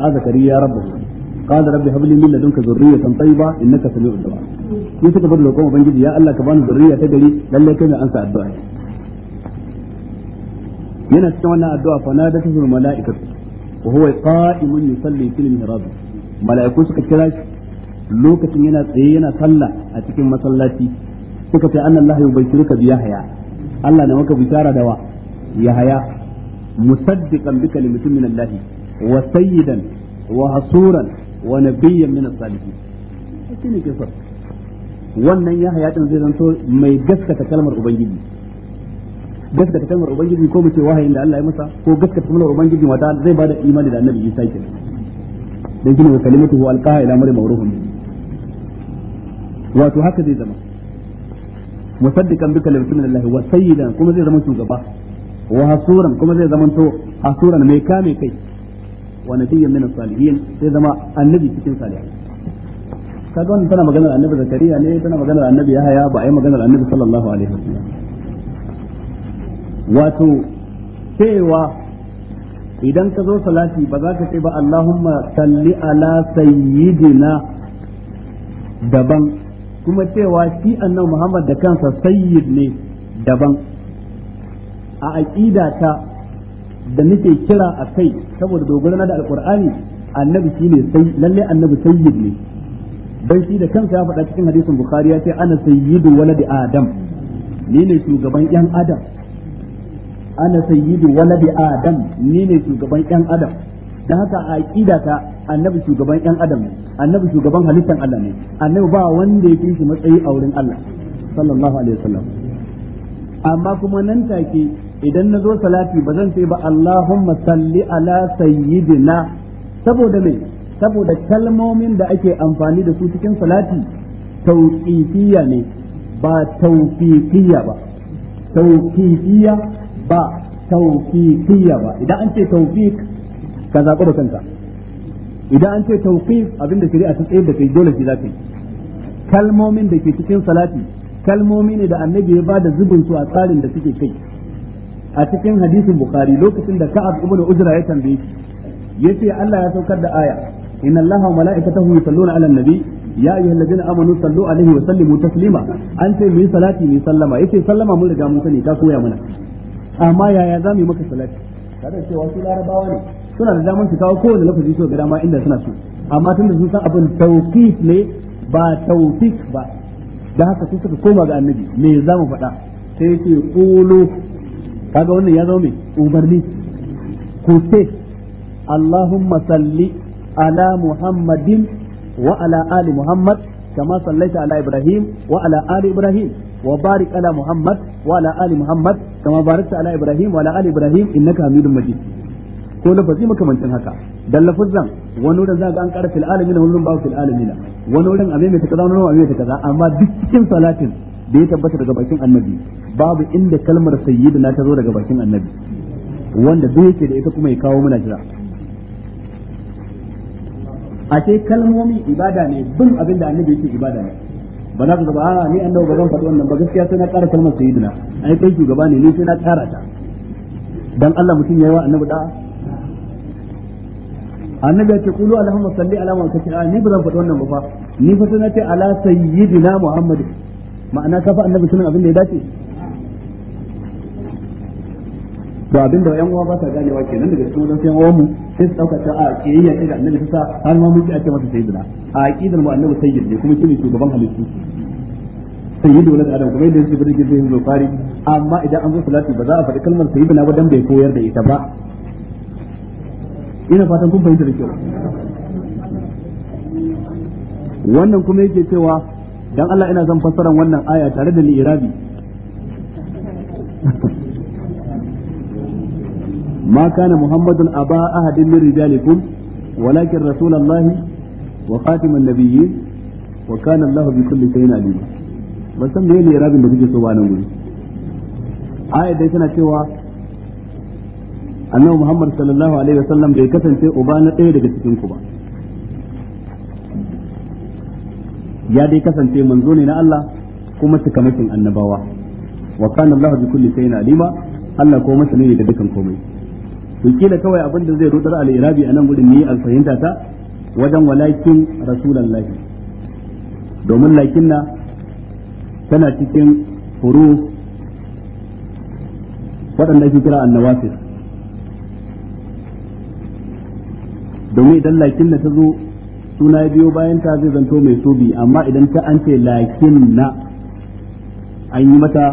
ya rabbuhu qala rabbi hab li min ladunka dhurriyatan tayyiba innaka sami'ud du'a ya ci gaba da roƙon ubangiji ya Allah ka bani zurriya ta gari lalle kai mai ansa addu'a yana cikin wannan addu'a fa na da tazul mala'ikatu wa huwa qa'imun yusalli fil mihrab mala'iku suka kira shi lokacin yana tsaye yana sallah a cikin masallaci suka ce anna Allah yubashiruka bi Yahya Allah na maka bishara da wa Yahya musaddiqan bi kalimatin min Allah wa sayyidan wa hasuran wa nabiyyan min as-salihin ne kisar wannan Yahya din zai zanto mai gaskata kalmar ubangiji gaskata kalmar ubangiji ko mu ce wahayin da Allah ya masa ko gaskata kalmar ubangiji mata zai bada imani da annabi Isa kenan dan kina kalimatu alqaha ila maryam wa ruhun wato haka zai zama musaddiqan bi kalimati min Allah wa sayyidan kuma zai zama shugaba wa hasuran kuma zai zama to hasuran mai kame kai wa nabiyyan min salihin sai zama annabi cikin salihai kaga wannan tana maganar annabi zakariya ne tana maganar annabi yahaya ba ai maganar annabi sallallahu alaihi wasallam wato cewa idan ka zo salati ba za ka ce ba Allahumma salli ala sayyidina daban kuma cewa shi annabi Muhammad da kansa sayyid ne daban a aqida ta da nake kira a kai saboda dogara da alqur'ani annabi shine sai lalle annabi sayyid ne dan shi da kansa ya faɗa cikin hadisin bukhari ya ce ana sayyidu waladi adam ni ne shugaban yan adam ana sayyidu waladi adam ni ne shugaban yan adam dan haka a aqida ta annabi shugaban ɗan adam ne annabi shugaban halittar Allah ne annabi ba wanda ya fi shi matsayi a wurin Allah sallallahu alaihi wasallam amma kuma nan take idan na zo salati ba zan sai ba Allahumma salli ala sayyidina saboda me saboda kalmomin da ake amfani da su cikin salati tauqifiyya ne ba tawfiqiyya ba tawqifiyya ba tawfiqiyya ba idan an ce tawfiq ka zaɓi da kanka idan an ce tawqif abinda shari'a ta tsayar da kai dole shi zaka yi kalmomin da ke cikin salati kalmomi ne da annabi ya bada zubin su a tsarin da suke kai a cikin hadisin bukhari lokacin da ka'ab ibn ujra ya tambaye shi yace Allah ya saukar da aya inna allaha wa mala'ikatahu yusalluna 'alan nabi ya ayyuhal ladina amanu sallu alaihi wa sallimu taslima an ce muyi salati mai sallama ce sallama mun riga mun sani ta koya mana amma yaya zamu yi maka salati kada cewa larabawa ne suna da daman su kawo kowane lafazi su ga dama inda suna so amma tun da sun san abin tawqif ne ba tawfik ba da haka sun suka koma ga annabi me za mu faɗa sai yake qulu kaga wannan ya zama mai umarni ku ce Allahumma salli ala Muhammadin wa ala ali Muhammad كما صليت على إبراهيم وعلى آل إبراهيم وبارك على محمد وعلى آل محمد كما باركت على إبراهيم وعلى آل إبراهيم إنك حميد مجيد ko lafazi makamancin haka dan lafazan wani wurin za ga an ƙara fil alamin wani wurin ba fil alamin wani wurin a maimaita kaza wani wurin a maimaita kaza amma duk cikin salatin da ya tabbata daga bakin annabi babu inda kalmar sayyidina ta zo daga bakin annabi wanda duk yake da ita kuma ya kawo mana jira a ce kalmomi ibada ne bin abin da annabi yake ibada ne ba za ku ba a ah, ni annabi ba zan faɗi wannan ba gaskiya sai na ƙara kalmar sayyidina ai kai shugaba ne ni sai na ƙara ta dan Allah mutum yayi wa annabi da'a annabi ya ce qulu allahumma salli ala muhammad kace ah, ni ba zan faɗi wannan ba ni fa sai ce ala sayyidina muhammad ma'ana ka fa annabi sunan abin da ya dace to abin da yan uwa ba ta ganewa kenan daga cikin wajen yan uwan mu sai su dauka ta a ah, kiyayya ce da annabi ta sa har ma mun ci a ce masa sayyidina a aqidar mu annabi sayyid ne kuma shine shugaban halittu sayyidu walad adam kuma yadda yake bin gidan Bukhari amma idan an zo salati ba za a faɗi kalmar sayyidina ba dan bai koyar da ita ba ina fatan kun fahimta da kyau wannan kuma yake cewa dan Allah ina zan fassara wannan aya tare da li'irabi ما كان محمد أبا أحد من رجالكم ولكن رسول الله وخاتم النبيين وكان الله بكل شيء عليما بس me ne rabin da kike so ba nan guri dai tana cewa annabi Muhammad sallallahu alaihi wasallam bai kasance uba na ɗaya daga cikin ku ba ya dai kasance manzo ne na Allah kuma cikamakin annabawa wa kana Allah bi kulli shay'in alima Allah ko masani ne da dukan komai to kila kawai abin da zai rudar al-irabi anan gudun ni al fahimta ta wajen walakin rasulullahi domin lakinna tana cikin furu waɗanda ake kira annawafis domin idan lakin na ta zo suna biyo bayan ta zai zanto mai sobi amma idan ta an ce lakin na an yi mata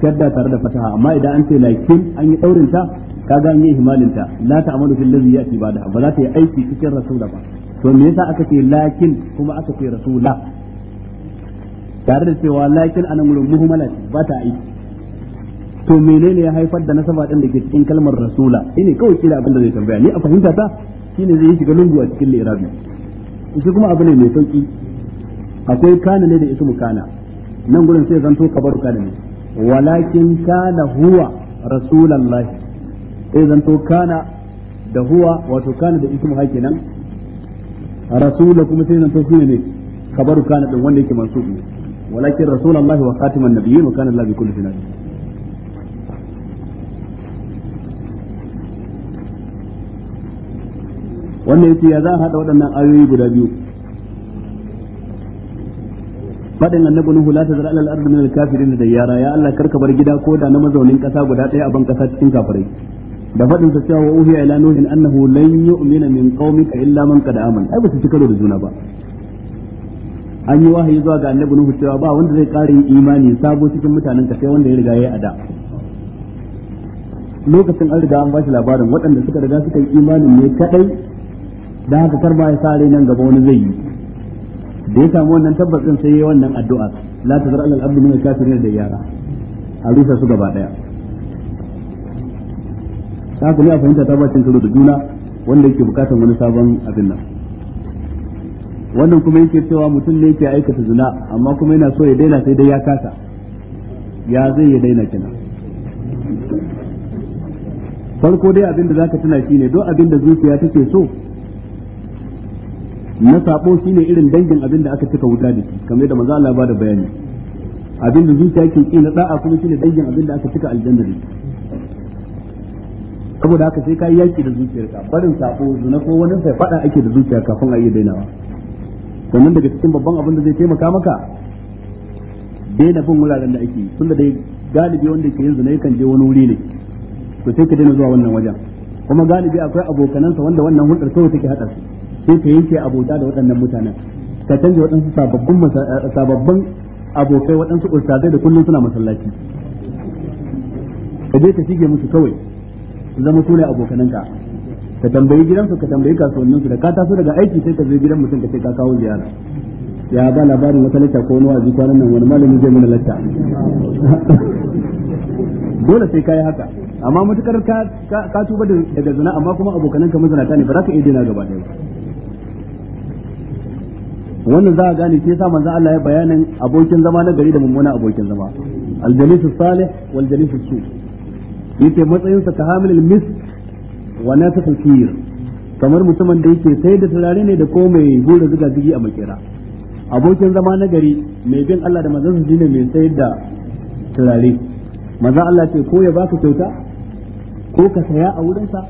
shadda tare da fataha amma idan an ce lakin an yi daurin ta kaga an yi himalin ta la ta'malu fil ladzi ya'ti ba'da ba za ta yi aiki cikin rasula ba to me yasa aka ce lakin kuma aka ce rasula tare da cewa lakin anan gurin muhimmala ba ta aiki to menene ya haifar da nasaba din da ke cikin kalmar rasula ine kawai kila abin da zai tambaya ni a fahimta ta shine zai shiga lungu a cikin lirabi shi kuma abu ne mai sauki akwai kana ne da ismu kana nan gurin sai zanto kabaru kana ne walakin kana huwa rasulullahi sai zanto kana da huwa wato kana da ismu hake nan rasula kuma sai zanto shine ne kabaru kana din wanda yake mansubi walakin rasulullahi wa khatiman nabiyyin wa kana Allah bi kulli shay'in wannan yace ya za a hada waɗannan ayoyi guda biyu fadin annabi nuhu la tazra al ardi min al kafirin da yara ya Allah karka bar gida ko da na mazaunin kasa guda ɗaya a ban kasa cikin kafirai da fadin sa cewa uhi ila nuhin annahu lan yu'mina min qaumika illa man qad amana ai ba su da juna ba an yi wahayi zuwa ga annabi nuhu cewa ba wanda zai ƙara yin imani sabo cikin mutanen ka sai wanda ya riga ya yi ada lokacin an riga an bashi labarin waɗanda suka riga suka yi imanin ne kadai dan haka karba ya sa nan gaba wani zai yi da ya samu wannan tabbacin sai yayi wannan addu'a la tazar alal abdu min kafirin da yara a rusa su gaba daya ta kuma a fahimta tabbacin karo da juna wanda yake bukatar wani sabon abin nan wannan kuma yake cewa mutum ne yake aikata zina amma kuma yana so ya daina sai dai ya kasa ya zai ya daina kina farko dai abin da zaka tuna shine duk abin da zuciya take so na sabo shine irin dangin abin da aka cika wuta da shi kamar yadda manzo Allah ba da bayani abin da zuciya ke ki na da'a kuma shine dangin abin da aka cika aljanna da shi saboda haka sai ka yi yaki da zuciyarka barin sabo zuna ko wani sai fada ake da zuciya kafin a iya dainawa sannan daga cikin babban abin da zai taimaka maka daina bin wuraren da ake tunda dai galibi wanda ke yin zina yakan je wani wuri ne to sai ka daina zuwa wannan wajen kuma galibi akwai abokanansa wanda wannan hulɗar kawai take haɗa su sai ka yanke abota da waɗannan mutanen ka canza waɗansu eh, sababbin abokai waɗansu ustazai da kullum suna masallaci ka je ka shige musu kawai zama su abokananka ka tambayi gidansu ka tambayi kasuwanninsu da ka taso daga aiki sai ka je gidan mutum ka ce ka kawo ziyara ya ba labarin wata lacca ko wani wazi kwanan nan wani malami zai mana lacca
*laughs*
dole sai yi haka amma matukar ka tuba daga zina amma kuma abokananka ka mazinata ne ba za ka iya dina gaba ɗaya wannan za a gane ke sa manzan Allah ya bayanin abokin zama na gari da mummuna abokin zama Aljalisu salih wal su yake matsayin sa kahamil mis wa natakal kamar mutumin da yake sai da turare ne da ko mai gura zuga zigi a makera abokin zama na gari mai bin Allah da manzon ne mai sayar da turare manzan Allah ce ko ya baka kyauta ko ka saya a wurinsa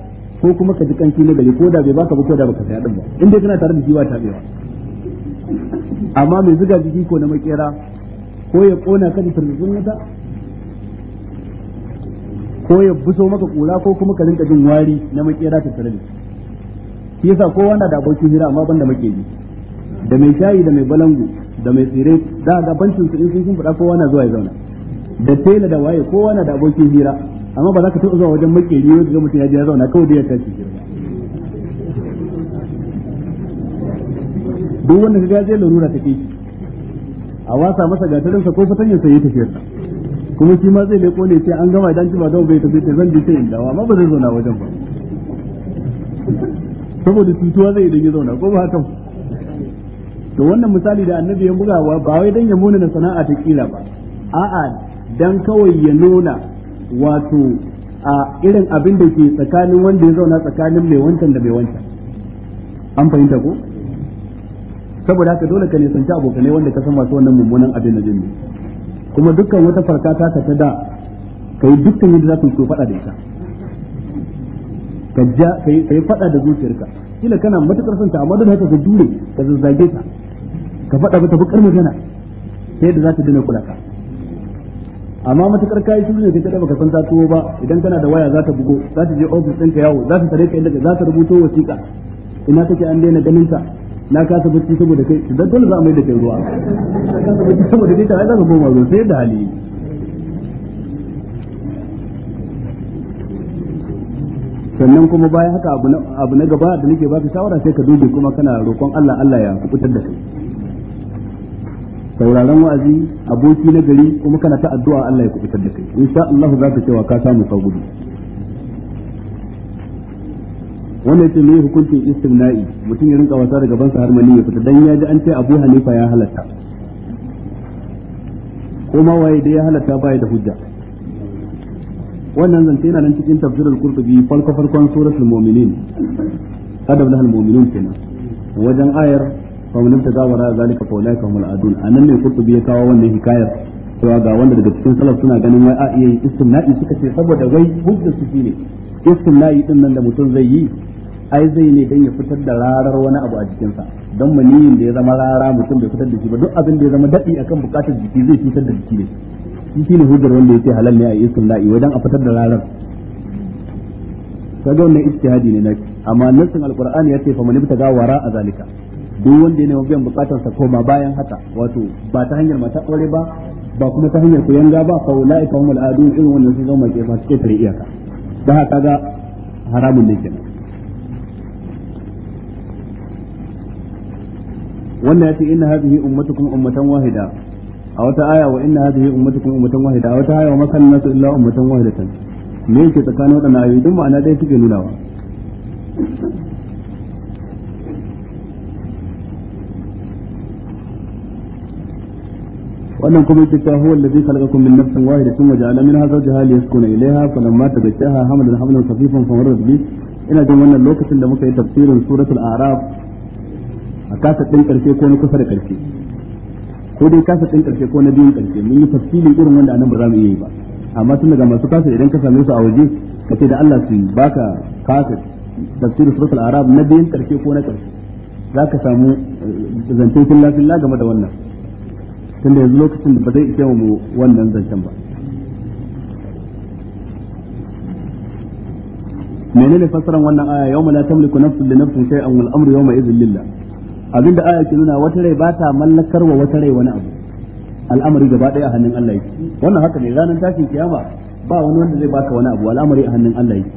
ko kuma ka ji kanki na gari ko da bai baka ba ko da baka saya din ba in dai kana tare da shi ba tabewa amma mai zuga jiki ko na makera ko ya kona ka da tarzatsun wuta ko ya buso maka kura ko kuma ka rinka jin wari na makera ta tare shi yasa kowa na da abokin hira amma banda makeji da mai shayi da mai balangu da mai tsire da ga bancin su in sun fada kowa na zuwa ya zauna da tela da waye kowa na da abokin hira amma ba za ka taɓa zuwa wajen makeri yau da mutum ya je ya zauna kawai da ya tashi hira duk wanda kaga zai larura take shi a wasa masa gatarin sa ko fatanyar sa yi tafiyar sa kuma shi ma zai leko ne sai an gama idan ba dawo bai tafi zan je sai in dawo amma ba zai zauna wajen ba saboda cutuwa zai idan ya zauna ko ba haka to wannan misali da annabi ya buga ba wai dan ya muna na sana'a ta kila ba a'a dan kawai ya nuna wato a irin abin da ke tsakanin wanda ya zauna tsakanin mai wancan da mai wancan an fahimta ko saboda haka dole ka nisanci abokanai wanda ka san masu wannan mummunan abin da jinni kuma dukkan wata farka ta ta da kai dukkan yadda za ka so faɗa da ita ka ja kai faɗa da zuciyarka kila kana matukar son ta amma dole haka ka dure ka zazzage ta ka faɗa mata bukar magana sai da za ta dina kula ka amma matukar kayi shi ne kace da baka san ta tuwo ba idan kana da waya za ta bugo za ta je office ɗinka yawo za ta tare ka inda za ta rubuto wasiƙa ina take an daina ganin ta na kasa bacci saboda kai dan dole za a mai da kai ruwa na kasa bacci saboda kai ta za ka koma zo sai da hali sannan kuma bayan haka abu na gaba da nake baka shawara sai ka dubi kuma kana roƙon Allah Allah ya kubutar da kai sauraron wa'azi aboki na gari kuma kana ta addu'a Allah ya kubutar da kai insha Allah za ka cewa ka samu sauki wanda yake mai hukuncin istimna'i mutum ya rinka wasa da gaban sa har mani ya fita dan ya ji an ce Abu Hanifa ya halatta ko ma waye da ya halatta ba ya da hujja wannan zance yana nan cikin tafsirul qurtubi farko farkon suratul mu'minin adab lahal mu'minin kenan wajen ayar fa mun tazawara zalika fa ulaika humul adun anan ne qurtubi ya kawo wannan hikayar cewa ga wanda daga cikin salaf suna ganin wai a iya yin istimna'i suka ce saboda wai hujjar su shine istimna'i din nan da mutum zai yi ai zai ne dan ya fitar da rarar wani abu a jikinsa don maniyin da ya zama rara mutum bai fitar da shi ba duk abin da ya zama dadi akan bukatar jiki zai fitar da jiki ne shi shine hujjar wanda ya ce halal ne a yi istimna'i wajen a fitar da rarar kaga wannan ijtihadi ne naki amma nassin alqur'ani yace fa man ibtaga wara a zalika duk wanda ya nemi biyan bukatar sa koma bayan haka wato ba ta hanyar mata aure ba ba kuma ta hanyar kuyanga ba fa ulai ka humul irin wannan sun zama ke masu ketare iyaka ba haka ga haramun ne kenan wannan yace inna hadhihi ummatukum ummatan wahida a wata aya wa inna hadhihi ummatukum ummatan wahida a wata aya wa makan nasu illa ummatan wahidatan me yake tsakanin wadannan ayoyi duk ma'ana dai suke nunawa wannan kuma yake cewa huwa allazi khalaqakum min nafsin wahidatin wa ja'ala minha zawjaha liyaskuna ilayha falamma tagashaha hamalan hamlan khafifan famarrat bi ina jin wannan lokacin da muka yi tafsirin suratul a'raf a kasa din karshe ko na kusa da karshe ko dai kasa din karshe ko na biyun karshe mun yi tafsirin irin wanda anan ba za mu yi ba amma tun daga masu kasa idan ka same su a waje ka ce da Allah su baka kasa tafsirin suratul a'raf na biyun karshe ko na karshe za ka samu eh, zance filla filla game da wannan tunda yanzu lokacin da ba zai ishe mu wannan zancen ba menene fasaran wannan aya yawma la tamliku nafsun li nafsin shay'an wal amru yawma idhin lillah abinda aya ke nuna wata rai ba ta mallakar wa wata rai wani abu al'amari gaba daya a hannun Allah yake wannan haka ne ranar tashin kiyama ba wani wanda zai baka wani abu al'amari a hannun Allah yake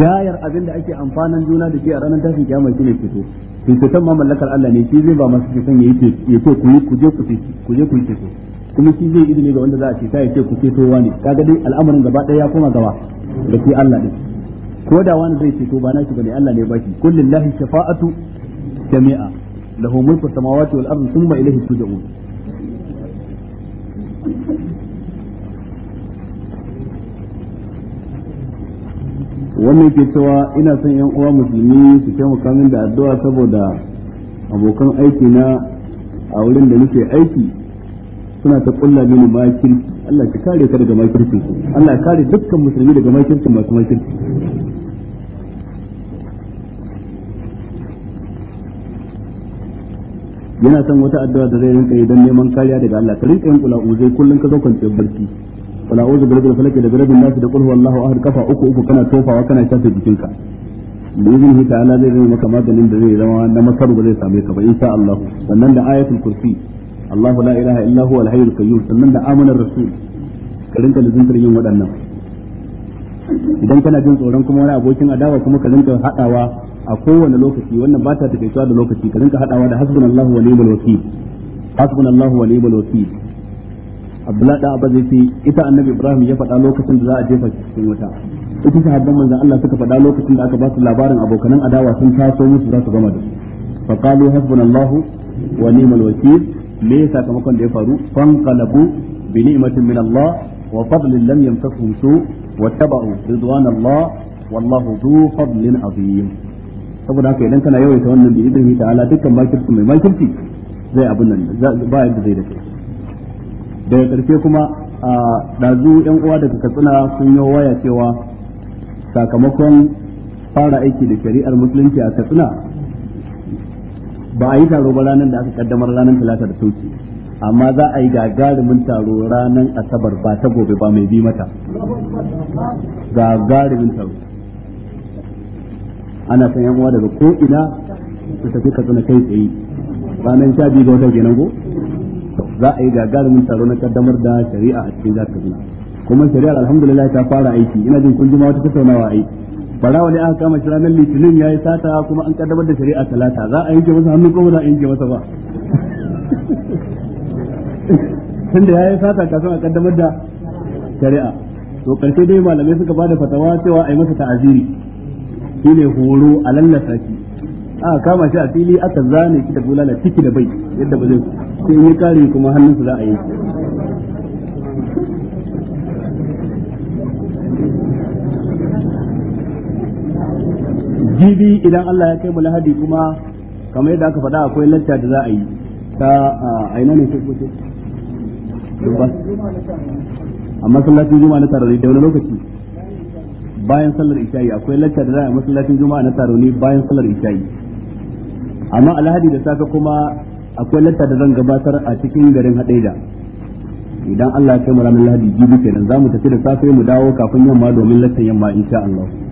gayar abinda ake amfanan juna da ke a ranar tashin kiyama shine fito cutan ma mallakar Allah ne shi zai ba masu cutan ya yi ya ce ku yi ku je ku ceci ku je ku yi ceto kuma shi zai izini ga wanda za a ce ya ce ku ceto wani kaga dai al'amarin gaba ɗaya ya koma gaba da shi Allah ne ko da wani zai ceto ba na shi bane Allah ne ba shi kullu lillahi shafa'atu jami'a lahu mulku samawati wal ardi thumma ilayhi turja'un wannan ke cewa ina son yan uwa musulmi su taimaka min da addu'a saboda abokan aiki na a wurin da nake aiki suna ta kulla mini makirci Allah ka kare ka daga makirci Allah ya kare dukkan musulmi daga makirci masu makirci yana son wata addu'a da zai rinka yi don neman kariya daga Allah ka rinka yin kula uzai kullum ka zo kwanciyar barci wala a'udhu bi rabbil falaq da rabbin nas da qul huwallahu ahad kafa uku uku kana tofawa kana shafe jikinka da izini ta'ala zai zama maka maganin da zai zama na masar ba zai same ka ba insha Allah sannan da ayatul kursi Allah la ilaha illa huwa al-hayyul qayyum sannan da amanar rasul ka rinka lizintar yin waɗannan idan kana jin tsoron kuma wani abokin adawa kuma ka rinka hadawa a kowane lokaci wannan ba ta takewa da lokaci ka rinka hadawa da hasbunallahu wa ni'mal wakeel hasbunallahu wa ni'mal wakeel abdullahi da abaz ita annabi ibrahim ya faɗa lokacin da za a jefa shi cikin wuta ita sahabban manzon Allah suka faɗa lokacin da aka ba su labarin abokanan adawa sun taso musu za su gama da su fa qalu hasbunallahu wa ni'mal me sakamakon da ya faru fanqalabu bi ni'matin min Allah wa fadlin lam su wa ridwan Allah wallahu fadlin azim saboda haka idan kana yawaita wannan bi idin ta'ala dukkan makirci mai makirci zai abun nan ba yadda zai da kai daga karshe kuma a ɗazu yan uwa daga katsina sun yi waya cewa sakamakon fara aiki da shari'ar musulunci a katsina ba a yi taro ba ranar da aka kaddamar ranar talata da sauki amma za a yi gagarumin taro ranar asabar ba ta gobe ba mai bi mata gagarumin taro ana san yan uwa daga ko ina su tafi katsina kai tsaye ranar sha biyu ga watan kenan ko za a yi gagarumin taro na kaddamar da shari'a a cikin jihar Kaduna kuma shari'ar alhamdulillah ta fara aiki ina jin kun jima wata tattaunawa ai farawa ne aka kama shi ranar litinin ya yi sata kuma an kaddamar da shari'a talata za a yanke masa hannu ko za a yanke masa ba *laughs* tunda ya yi sata kafin a kaddamar da shari'a to karshe dai malamai suka bada fatawa cewa a yi masa ta'aziri shine horo a lallasa shi a kama shi a fili aka zane shi da bulala ciki da bai yadda ba zai sai yi kare kuma su za a yi jibi idan Allah ya kai mu lahadi kuma kamar yadda aka faɗa akwai lacca da za a yi ta aina ne sai kuce a masallacin juma'a na tarari da wani lokaci bayan sallar isha'i akwai lacca da za a yi masallacin juma'a na tarari bayan sallar isha'i amma alhadi da safe kuma akwai latta da zan gabatar a cikin garin hadaida idan Allah ya kai mu ranar lahadi jibi kenan zamu tafi da safe mu dawo kafin yamma domin lattan yamma insha Allah